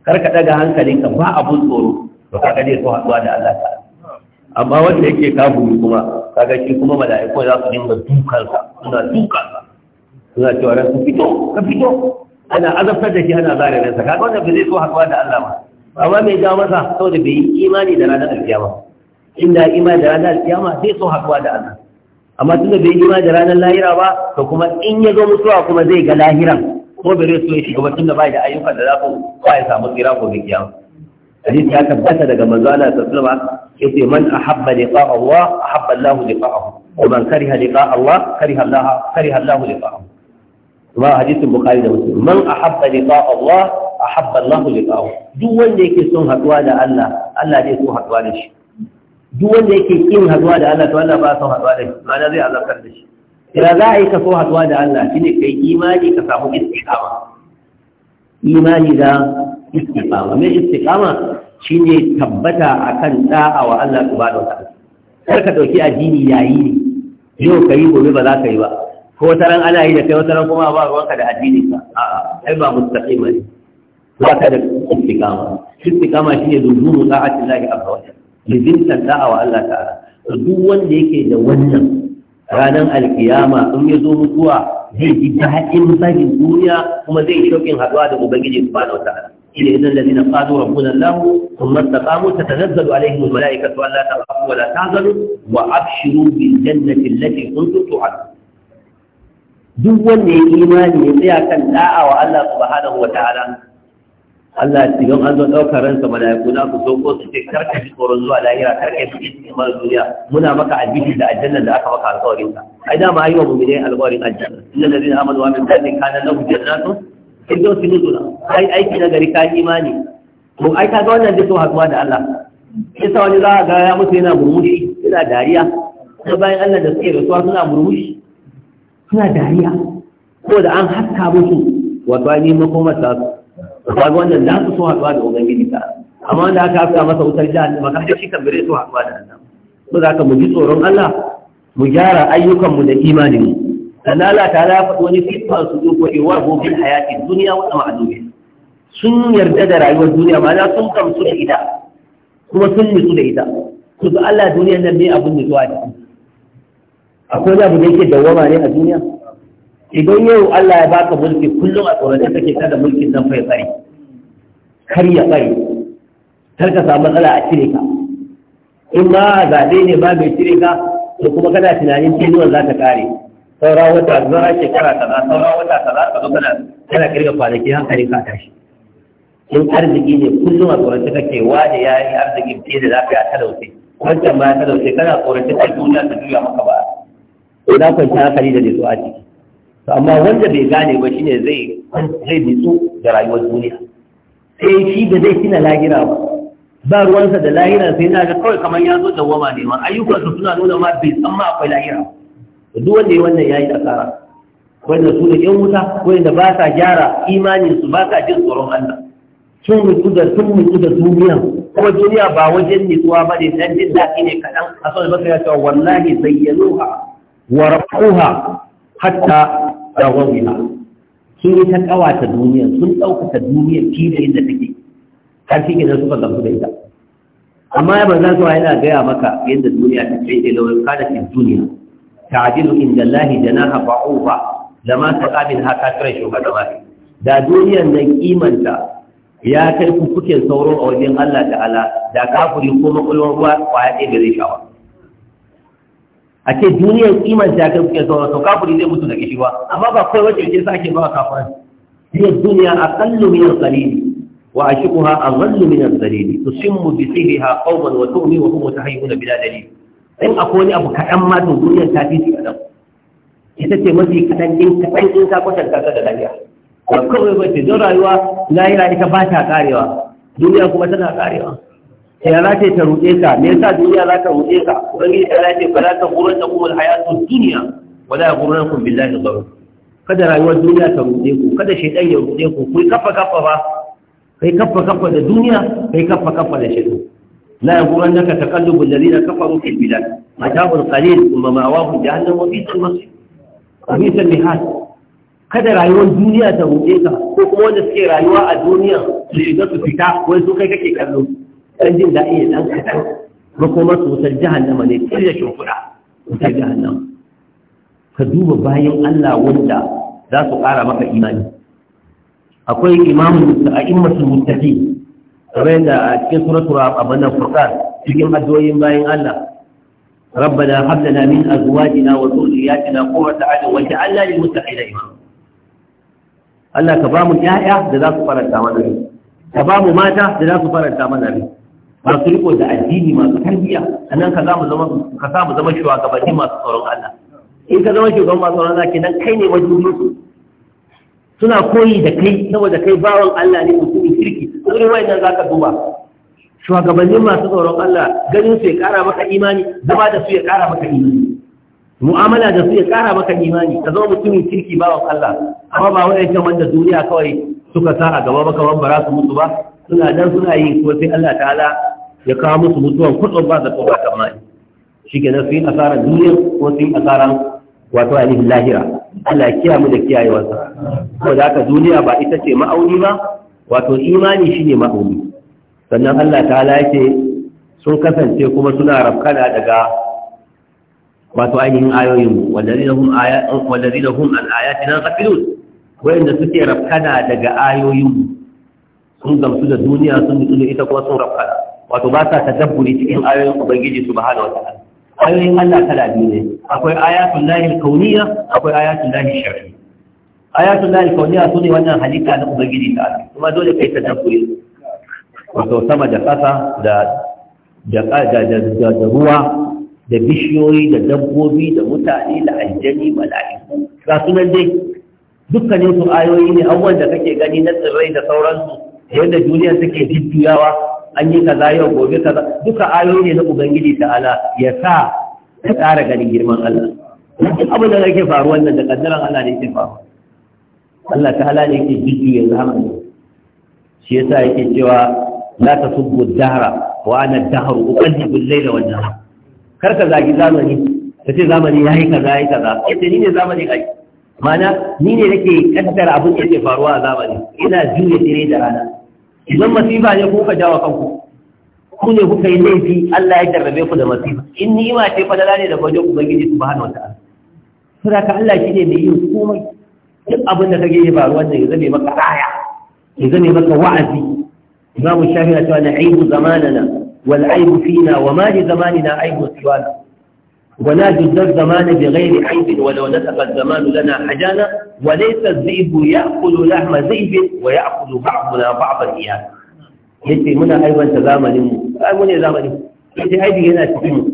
karka daga hankalinka ba abun tsoro to ka dai so haɗuwa da Allah ta'ala amma wanda yake kafiri kuma kaga shi kuma mala'iku za su dinga dukansa suna dukansa suna cewa ran fito ka fito ana azabtar da shi ana zalimin sa wanda ba zai so hakuwa da Allah ba amma mai jawo masa saboda bai yi imani da ranar alkiyama inda imani da ranar alkiyama zai so hakuwa da Allah amma tunda bai yi imani da ranar lahira ba to kuma in ya zo mutuwa kuma zai ga lahiran ko bai so ya shiga ba tunda bai da ayyukan da za ku ba ya samu tsira ko bai kiyama hadisi ya tabbata daga manzo Allah sallallahu alaihi wasallam yace man ahabba liqa Allah ahabba Allah liqa'ahu wa man kariha liqa Allah kariha Allah kariha Allah liqa'ahu kuma hadisin bukari da muslim man ahabba liqa Allah ahabba Allah liqa'ahu duk wanda yake son haduwa da Allah Allah zai so haduwa da shi duk wanda yake ƙin haduwa da Allah to Allah ba son haduwa da shi ma'ana zai azabtar da shi idan za a yi ka so haduwa da Allah shi ne kai imani ka samu istiqama imani da istiqama me istiqama ne tabbata a akan da'a wa Allah subhanahu wa ta'ala kar ka ɗauki addini yayi ne yau ka yi gobe ba za ka yi ba ko taran ana yi da kai wataran kuma ba ruwanka da addini ka a'a ai ba mustaqima ne ba ka da istiqama istiqama shine dubu ta'ati Allah azza wa jalla da'a wa Allah ta'ala duk wanda yake da wannan ranar alkiyama in ya zo mutuwa zai ji daɗin sanin duniya kuma zai shauƙin haɗuwa da ubangiji subhanahu wa ta'ala إلى إذن الذين قالوا ربنا الله ثم استقاموا تتنزل عليهم الملائكة ألا تخافوا ولا تحزنوا وأبشروا بالجنة التي كنتم توعدون duk wanda ya imani ya tsaya kan da'a wa Allah subhanahu wa ta'ala Allah ya tsigan an zo ɗaukar ransa mala'iku na ku zo ko su ce karka ji tsoron zuwa lahira karka ji istimar duniya muna maka albiti da aljanna da aka maka alƙawarin ka ai dama ayi wa mu'minai alƙawarin aljanna inna ladina amanu wa min ta'ati kana lahu jannatu firdaus nuzula ai aiki na gari ka imani to ai kaga wannan da so haɗuwa da Allah sai sa wani za ga ya mutu yana murmushi yana dariya kuma bayan Allah da suke rasuwa suna murmushi suna dariya ko da an haska musu wato ai makoma ta su ba wannan za su so haɗuwa da ubangiji ta amma wanda aka haska masa wutar jihar ne, maka shi kan bire su haɗuwa da Allah ko za ka mu ji tsoron Allah mu gyara ayyukanmu da imanin dan Allah ta ya faɗi wani fitfan su duk wa iwar gobin hayati duniya wa ma'adubi sun yarda da rayuwar duniya ma sun kamsu da ita kuma sun nutsu da ita su Allah duniyar nan ne abin nutsuwa da ita akwai abu da yake dawama ne a duniya idan yau Allah ya baka mulki kullum a tsoron kake kada mulkin nan fai tsari kar ya tsari kar ka samu matsala a cire ka in ma zaɓe ne ba mai cire ka to kuma kana tunanin cinuwar za ta kare saura wata zara shekara za saura wata za ka zo kana kana kirga kwanaki hankali ka tashi in arziki ne kullum a tsoron kake wani ya yi arziki fiye da za ka a talauce wancan ma ya talauce kana tsoron ta duniya ta juya maka ba ko na kwanci hankali da nitsuwa a ciki to amma wanda bai gane ba shine zai zai nitsu da rayuwar duniya sai shi da zai kina lahira ba ba ruwansa da lahira sai na ga kawai kamar ya zo dawwama ne ma su suna nuna ma bai san ma akwai lahira duk wanda ya wannan yayi asara da su da yan wuta da ba sa gyara imanin su ba sa jin tsoron Allah sun mutu da sun mutu da duniya kuma duniya ba wajen nitsuwa ba ne dan jin daɗi ne kaɗan a sanar maka ya cewa wallahi zayyanuha wa rafuha hatta rawawiha sun yi ta kawata duniya sun ɗaukaka duniya fiye inda take har shi kenan suka gamsu da ita amma ya banza zuwa yana gaya maka yadda duniya ta ce da lawan kada fi duniya ta'dilu inda da janaha ba'ufa lama taqabil haka tare shi ga da duniyan nan kimanta ya kai kukukin sauro a wajen Allah ta'ala da kafuri ko makulwar ruwa kwaya ɗaya gare shawa a ce duniyar iman ta kai kuke zuwa to kafiri zai mutu da kishiwa amma ba kai wace ce sake ba kafiran hiya duniya kallu min al-qalil wa ashiquha aghallu min al dalil tusimmu bi sihha qawman wa tu'mi wa hum mutahayyun bila dalil in akwai wani abu kaɗan ma to duniyar ta fi kaɗan ita ce mafi kaɗan ɗin kaɗan din ka kwatar ka da lafiya ba kawai ba ce don rayuwa lahira ita ba ta karewa duniya kuma tana karewa ya za ta ruɗe ka me yasa duniya za ta ruɗe ka ubangiji ta lafi ba za ta gurin da kuma hayatu duniya wala ya gurin kun billahi gharu kada rayuwar duniya ta ruɗe ku kada shaytan ya ruɗe ku kai kafa kafa ba kai kafa kafa da duniya kai kafa kafa da shaytan la ya gurin naka taqallubu alladhina kafaru fil bilad mata'un qalil thumma ma'awahum jahannam wa bi'sal masir wa bi'sal mihad kada rayuwar duniya ta ruɗe ka ko kuma wanda suke rayuwa a duniya su shiga su fita wai su kai kake kallo ɗan jin daɗi ya ɗan kaɗan makomar su wutar jahannama ne kirya shimfiɗa wutar jahannama ka duba bayan Allah wanda za su ƙara maka imani akwai imamu da a'immatul muttaqin kamar yadda a cikin a abanna furqan cikin addu'o'in bayan Allah ربنا هب لنا من ازواجنا وذرياتنا قرة اعين واجعلنا للمتقين اماما Allah ka bamu mu da za su faranta mana rai ka ba mata da za su faranta mana masu riko da addini masu tarbiyya nan ka samu zama ka samu zama shugabanni masu tsoron Allah in ka zama shugaban masu tsoron Allah kenan kai ne wajen su suna koyi da kai saboda kai bawan Allah ne mutumin kirki sauran wayannan zaka duba shugabannin masu tsoron Allah ganin su ya kara maka imani zama da su ya kara maka imani mu'amala da su ya kara maka imani ka zama mutumin kirki bawan Allah amma ba wayancan wanda duniya kawai suka sa a gaba maka wanda ba su mutu ba suna dan suna yi ko sai Allah ta'ala ya kawo musu mutuwan kudin ba zato ba tsammani shi ke sun yi asarar duniya ko sun yi asarar wato ainihin lahira Allah ya kiyaye mu da kiyayewarsa ko da haka duniya ba ita ce ma'auni ba wato imani shine ma'auni sannan Allah ta'ala yake sun kasance kuma suna rafkana daga wato ainihin ayoyin wallazina hum ayatun wallazina hum an ayatina ghafilun wayanda suke rafkana daga ayoyin sun gamsu da duniya sun mutu ita kuma sun rafkana wato ba sa tadabburi cikin ayoyin ubangiji subhanahu ta'ala ayoyin Allah kala biyu ne akwai ayatul lahi kauniya akwai ayatul lahi shar'i ayatul lahi kauniyya sune wannan halitta na ubangiji ta Allah kuma dole kai tadabburi wato sama da kasa da da da da ruwa da bishiyoyi da dabbobi da mutane da aljani mala'iku ga sunan dai dukkanin su ayoyi ne abubuwan da kake gani na tsirrai da sauransu yadda duniya take jujjuyawa an yi kaza yau gobe kaza duka ayoyi ne na ubangiji ta'ala ya sa ka tsara ganin girman Allah duk abin da yake faruwa nan da kaddaran Allah ne yake faruwa Allah ta'ala ne yake jujjuya zamani shi yasa yake cewa la tasubbu dahra wa ana dahru uqallibu al-layla wan nahar kar ka zagi zamani ka ce zamani yayi kaza yayi kaza yace ni ne zamani kai Ma'ana ni ne nake kaddara abin da yake faruwa a zamani ina juya dire da rana idan masifa ne kuka jawa kanku ku ne kuka yi laifi Allah ya jarrabe ku da masifa in ni ma ce fadala ne da gwajin ubangiji subhanahu wataala saboda ka Allah shi ne mai yin komai duk abin da kage yi ba ruwan ya zame maka aya ya zame maka wa'azi imamu shafi na cewa na aibu zamanana wal aibu fina wa ma li zamanina aibu siwana ولا جد الزمان بغير عيب ولو نسق الزمان لنا حجانا وليس الذئب يأكل لحم ذئب ويأكل بعضنا بعضا إياه yace muna aiwanta zamanin mu ai mu ne zamanin yace aibi yana cikin mu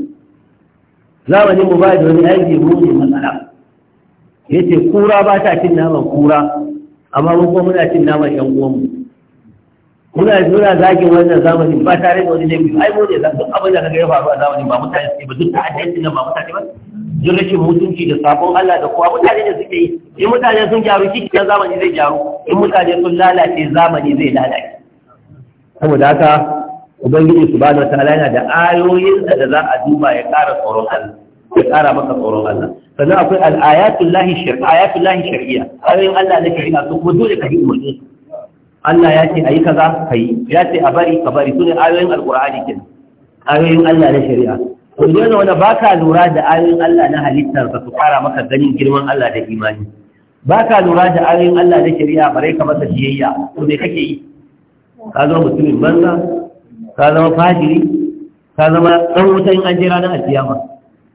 zamanin mu ba da wani aibi mu ne matsala yace kura ba cin naman kura amma mun muna cin naman yan uwan muna nuna zagin wannan zamanin ba tare da wani laifi ai mu ne zan duk abin da kaga ya faru a zamanin ba mutane suke ba duk ta'addanci nan ba mutane ba jin rashin mutunci da sabon Allah da kowa mutane da suke yi in mutane sun gyaru shi kenan zamani zai gyaru in mutane sun lalace zamani zai lalace saboda haka ubangiji subhanahu wataala yana da ayoyin da za a duba ya ƙara tsoron Allah ya ƙara maka tsoron Allah sannan akwai al-ayatul lahi shar shar'iyya ayoyin Allah na shari'a su kuma dole ka yi umarni Allah ya ce a ayi kaza yi. ya ce a bari ka bari ne ayoyin alqur'ani kenan ayoyin Allah na shari'a to idan wanda baka lura da ayoyin Allah na halittar ka su fara maka ganin girman Allah da imani baka lura da ayoyin Allah na shari'a bare ka masa biyayya to me kake yi ka zama mutumin banza ka zama fajiri ka zama dan wutan an jira na alkiyama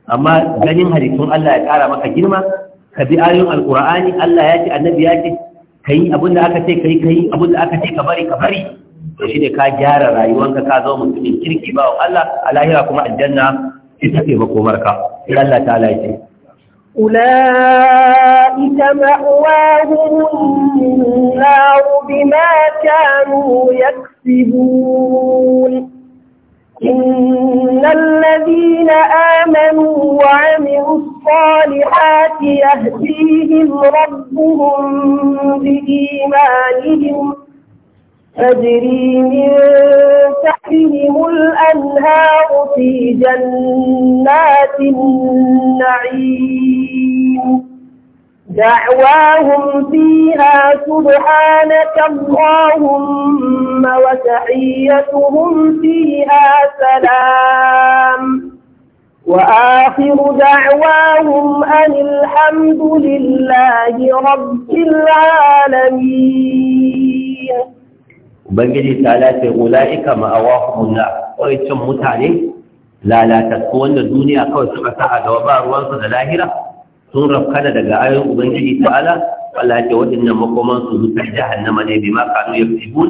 amma ganin halittun Allah ya kara maka girma ka bi ayoyin alqur'ani Allah ya ce annabi ya ce kai abin da aka ce kai kai abin da aka ce ka bari ka bari to shi ne ka gyara rayuwanka ka zama mutumin kirki ba Allah a lahira kuma aljanna ita ce makomarka sai Allah ta ala ce أولئك مأواهم النار بما كانوا يكسبون إن الذين آمنوا وعملوا يهديهم ربهم بإيمانهم تجري من تحتهم الأنهار في جنات النعيم دعواهم فيها سبحانك اللهم وتحيتهم فيها سلام وآخر دعواهم أن الحمد لله رب العالمين بنجي تعالت أولئك ما أواهم الله ويتم متعني لا لا تكون الدنيا كوي سبسا على وبار وانسا دلاهرة تنرف كان دقاء بنجي تعالى فلا تود إن مقومان سبسا جهنم بما كانوا يكتبون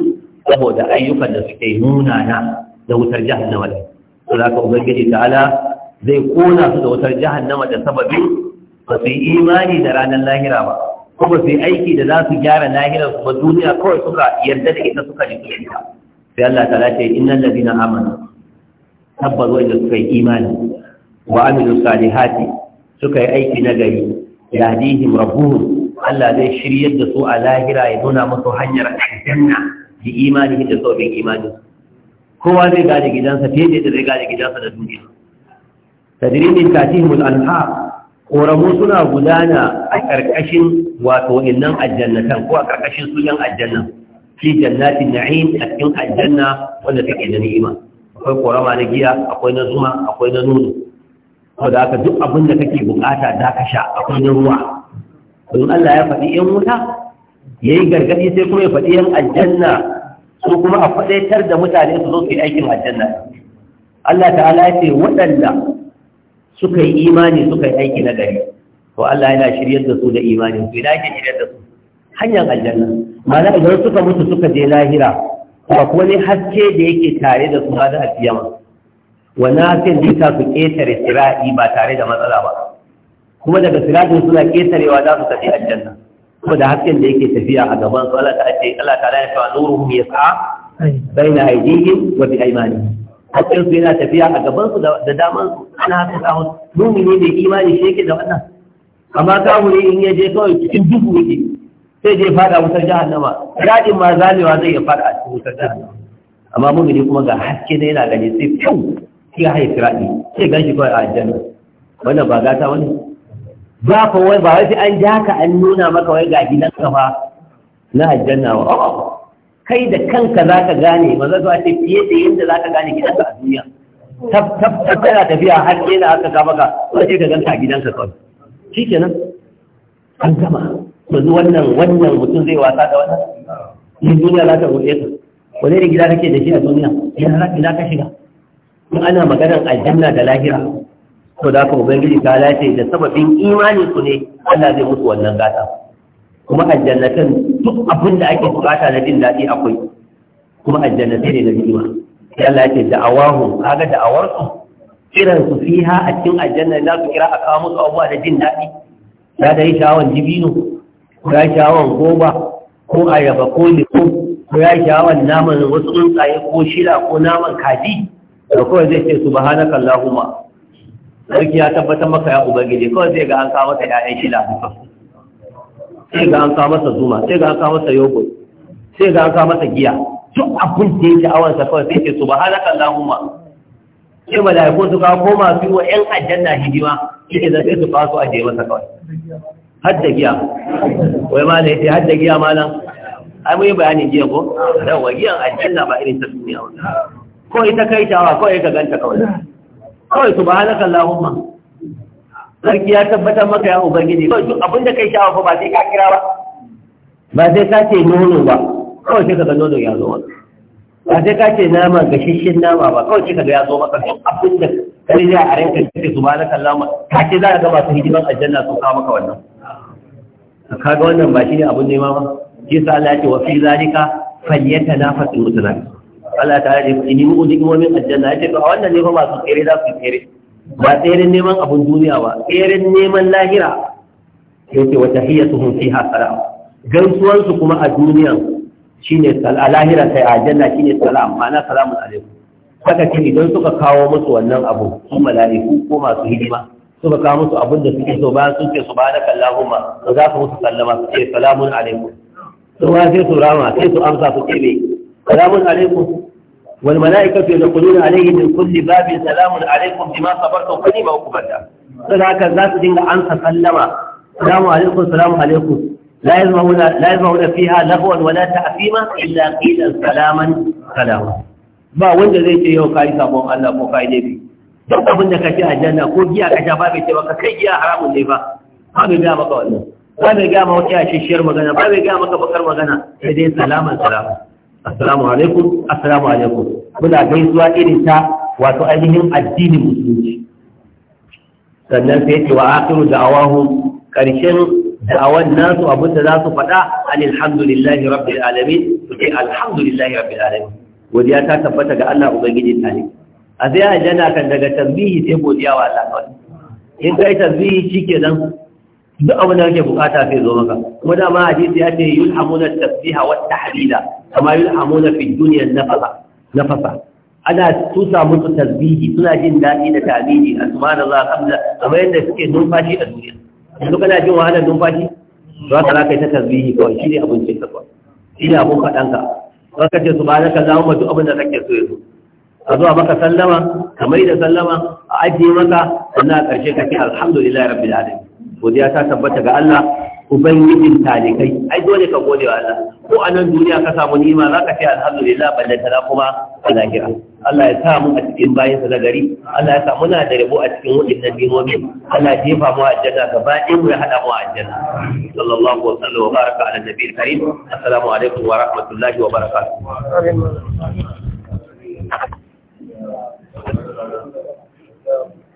فهو دعيك دسكيمونا نا لو ترجهنم لك ولكن بنجي تعالى zai kona su da wutar jahannama da sababin ba su yi imani da ranar lahira ba ko ba su yi aiki da za su gyara lahirar su ba duniya kawai suka yarda da ita suka jiki ita sai Allah ta lace innal na amana tabbas wanda suka yi imani wa amilu salihati suka yi aiki na gari yahdihim rabbuhum Allah zai shiryar da su a lahira ya nuna musu hanyar aljanna bi imani da sabbin imani kowa zai gane gidansa fiye da zai gane gidansa da duniya tajri min tatihim koramu suna gudana a ƙarƙashin wato innan aljannatan ko a ƙarƙashin sunan aljannan fi jannatin na'im a cikin aljanna wanda take da ni'ima akwai korama na giya akwai na zuma akwai na nono saboda aka duk abin da kake bukata za ka sha akwai na ruwa don Allah ya faɗi yan wuta yayi gargadi sai kuma ya faɗi yan aljanna su kuma a faɗaitar da mutane su zo su yi aikin aljanna Allah ta'ala ya ce waɗanda suka yi imani suka yi aiki na gari to Allah yana shiryar da su da imani to ina ke shiryar da su hanyar aljanna ma'ana idan suka mutu suka je lahira kuma ko ne haske da yake tare da su da alkiyama wannan sai zai su ketare sira'i ba tare da matsala ba kuma daga siratin suna ketarewa za su tafi aljanna kuma da hasken da yake tafiya a gaban su Allah ta ce Allah ta ya ce nuruhum yas'a baina aydihim wa bi aymanihim hakkin su yana tafiya a gaban su da daman su ana haka kahun ne mai imani shi yake da wannan amma ne in ya je kawai cikin duhu yake sai je fada wutar jahannama raɗin ma zalewa zai ya fada a cikin wutar jahannama amma mumini kuma ga haske na yana gani sai kyau sai ya haifi raɗi sai gan shi kawai a aljanna wannan ba gata wani ba wai ba wai sai an ja ka an nuna maka wai ga gidan kafa na aljanna ba kai da kanka za ka gane ba zai zuwa ce fiye da yadda za ka gane gidanka a duniya tabbatar tana tafiya har yana aka gaba ga wace ka ganta a gidanka kawai shi nan an gama yanzu wannan wannan mutum zai wasa da wannan ni duniya za ta rufe ka wani irin gida kake da shi a duniya yana za ina ka shiga in ana maganar aljanna da lahira to da ka ubangiji ta lafiya da sababin imani su ne Allah zai musu wannan gata kuma aljannatan duk abin da ake bukata na jin daɗi akwai kuma aljannatai ne na ni'ima sai Allah ya ce da'awahu kaga su kiran su fiha a cikin aljanna za su kira a kawo musu abubuwa da jin daɗi ya da yi shawon dibino ko ya shawon goba ko ayaba ko liko ko ya shawon naman wasu tsuntsaye ko shila ko naman kaji da kawai zai ce subhanaka allahumma sarki ya tabbatar maka ya ubangiji kawai zai ga an kawo masa 'ya'yan shila sai ga an kawo masa zuma sai ga an kawo masa yogurt sai ga an kawo masa giya duk abin da yake awan sa kawai sai ke kan allahumma sai malaiku su kawo koma su wa yan ajanna hidima yake da su kawo su a je masa kawai Hadda giya wai ma ne sai hadda Giya ma nan? ai mun yi bayani giya ko dan wa giyan ajanna ba irin ta duniya ba ko ita kai tawa ko ita ganta kawai kawai kan allahumma sarki ya tabbatar maka ya ubangiji kawai duk abin da kai sha'awa fa ba sai ka kira ba ba sai ka ce nono ba kawai sai ka ga nono ya zo ba. ba sai ka ce nama ga shishin nama ba kawai sai ka ga ya zo maka duk abin da kai ya a ranka na subhanaka allahumma ka ce za ka ga masu hidiman aljanna su kawo maka wannan ka ga wannan ba shi ne abin nema ba shi yasa Allah ya ce wa fi zalika falyatanafasul mutalaqiya Allah ta ce inni mu'udhikum min aljanna ya ce to a wannan ne fa masu tsere za su tsere ba tseren neman abin duniya ba tseren neman lahira ya ce wata hiyar su hun hasara gansuwansu kuma a duniya ne, a lahira sai a janna ne salam ma'ana salamun alaikum haka ce idan suka kawo musu wannan abu su mala'iku ko masu hidima suka kawo musu abin da suke so bayan sun ce su kan lahuma ba za su musu sallama su ce salamun alaikum Su ma sai su rama sai su amsa su ce ne salamun alaikum wal mala'ikatu yadkhuluna alayhi min kulli babin salamun alaykum bima sabartum fa ni'ma uqbata sai haka za su dinga ansa sallama salamu alaikum salamu alaikum la yazmauna la yazmauna fiha lahwan wala ta'fima illa qila salaman salama ba wanda zai ce yau kai sabon Allah ko duk abin da ka ci a janna ko giya ka sha ba bai ce ka kai giya haramun ne ba ba bai ga maka wannan ba bai ga maka wata shishiyar magana ba bai ga maka bakar magana sai dai salaman salama assalamu alaikum assalamu alaikum muna gaisuwa irin ta wato ainihin addinin musulunci sannan sai ce wa akiru da'awahum karshen da'awan nasu abin da za su faɗa alhamdulillahi rabbil alamin su ce alhamdulillahi rabbil alamin godiya ta tabbata ga Allah ubangiji ta tare a sai a jana kan daga tasbihi sai godiya wa Allah kawai in kai tasbihi nan. duk abin da kake bukata sai zo maka kuma dama hadisi ya ce yulhamuna tasbiha wa tahlila kama yulhamuna fi dunya nafasa nafasa ana tusa musu tasbihi suna jin daɗi da tahmidi subhanallah qabla kama yadda suke numfashi a duniya yanzu kana jin wahalar numfashi za ka raka ta tasbihi kawai shi ne abincin ka kawai shi ne abin faɗanka za ka ce subhanaka allahumma duk abin da kake so ya zo a zuwa maka sallama ka mai da sallama a ajiye maka sannan a ƙarshe ka ce alhamdulillah rabbil alamin godiya ta tabbata ga Allah ubangijin talikai ai dole ka gode wa Allah ko a nan duniya ka samu ni'ima za ka ce alhamdulillah balle tana kuma a lahira Allah ya sa mu a cikin bayan sa na gari Allah ya sa muna da rabo a cikin wadannan ni'imomi Allah ya jefa mu a aljanna gaba ɗaya mu ya hada mu a aljanna sallallahu alaihi wa sallam wa baraka ala nabiyil karim assalamu alaikum wa rahmatullahi wa barakatuh Thank you.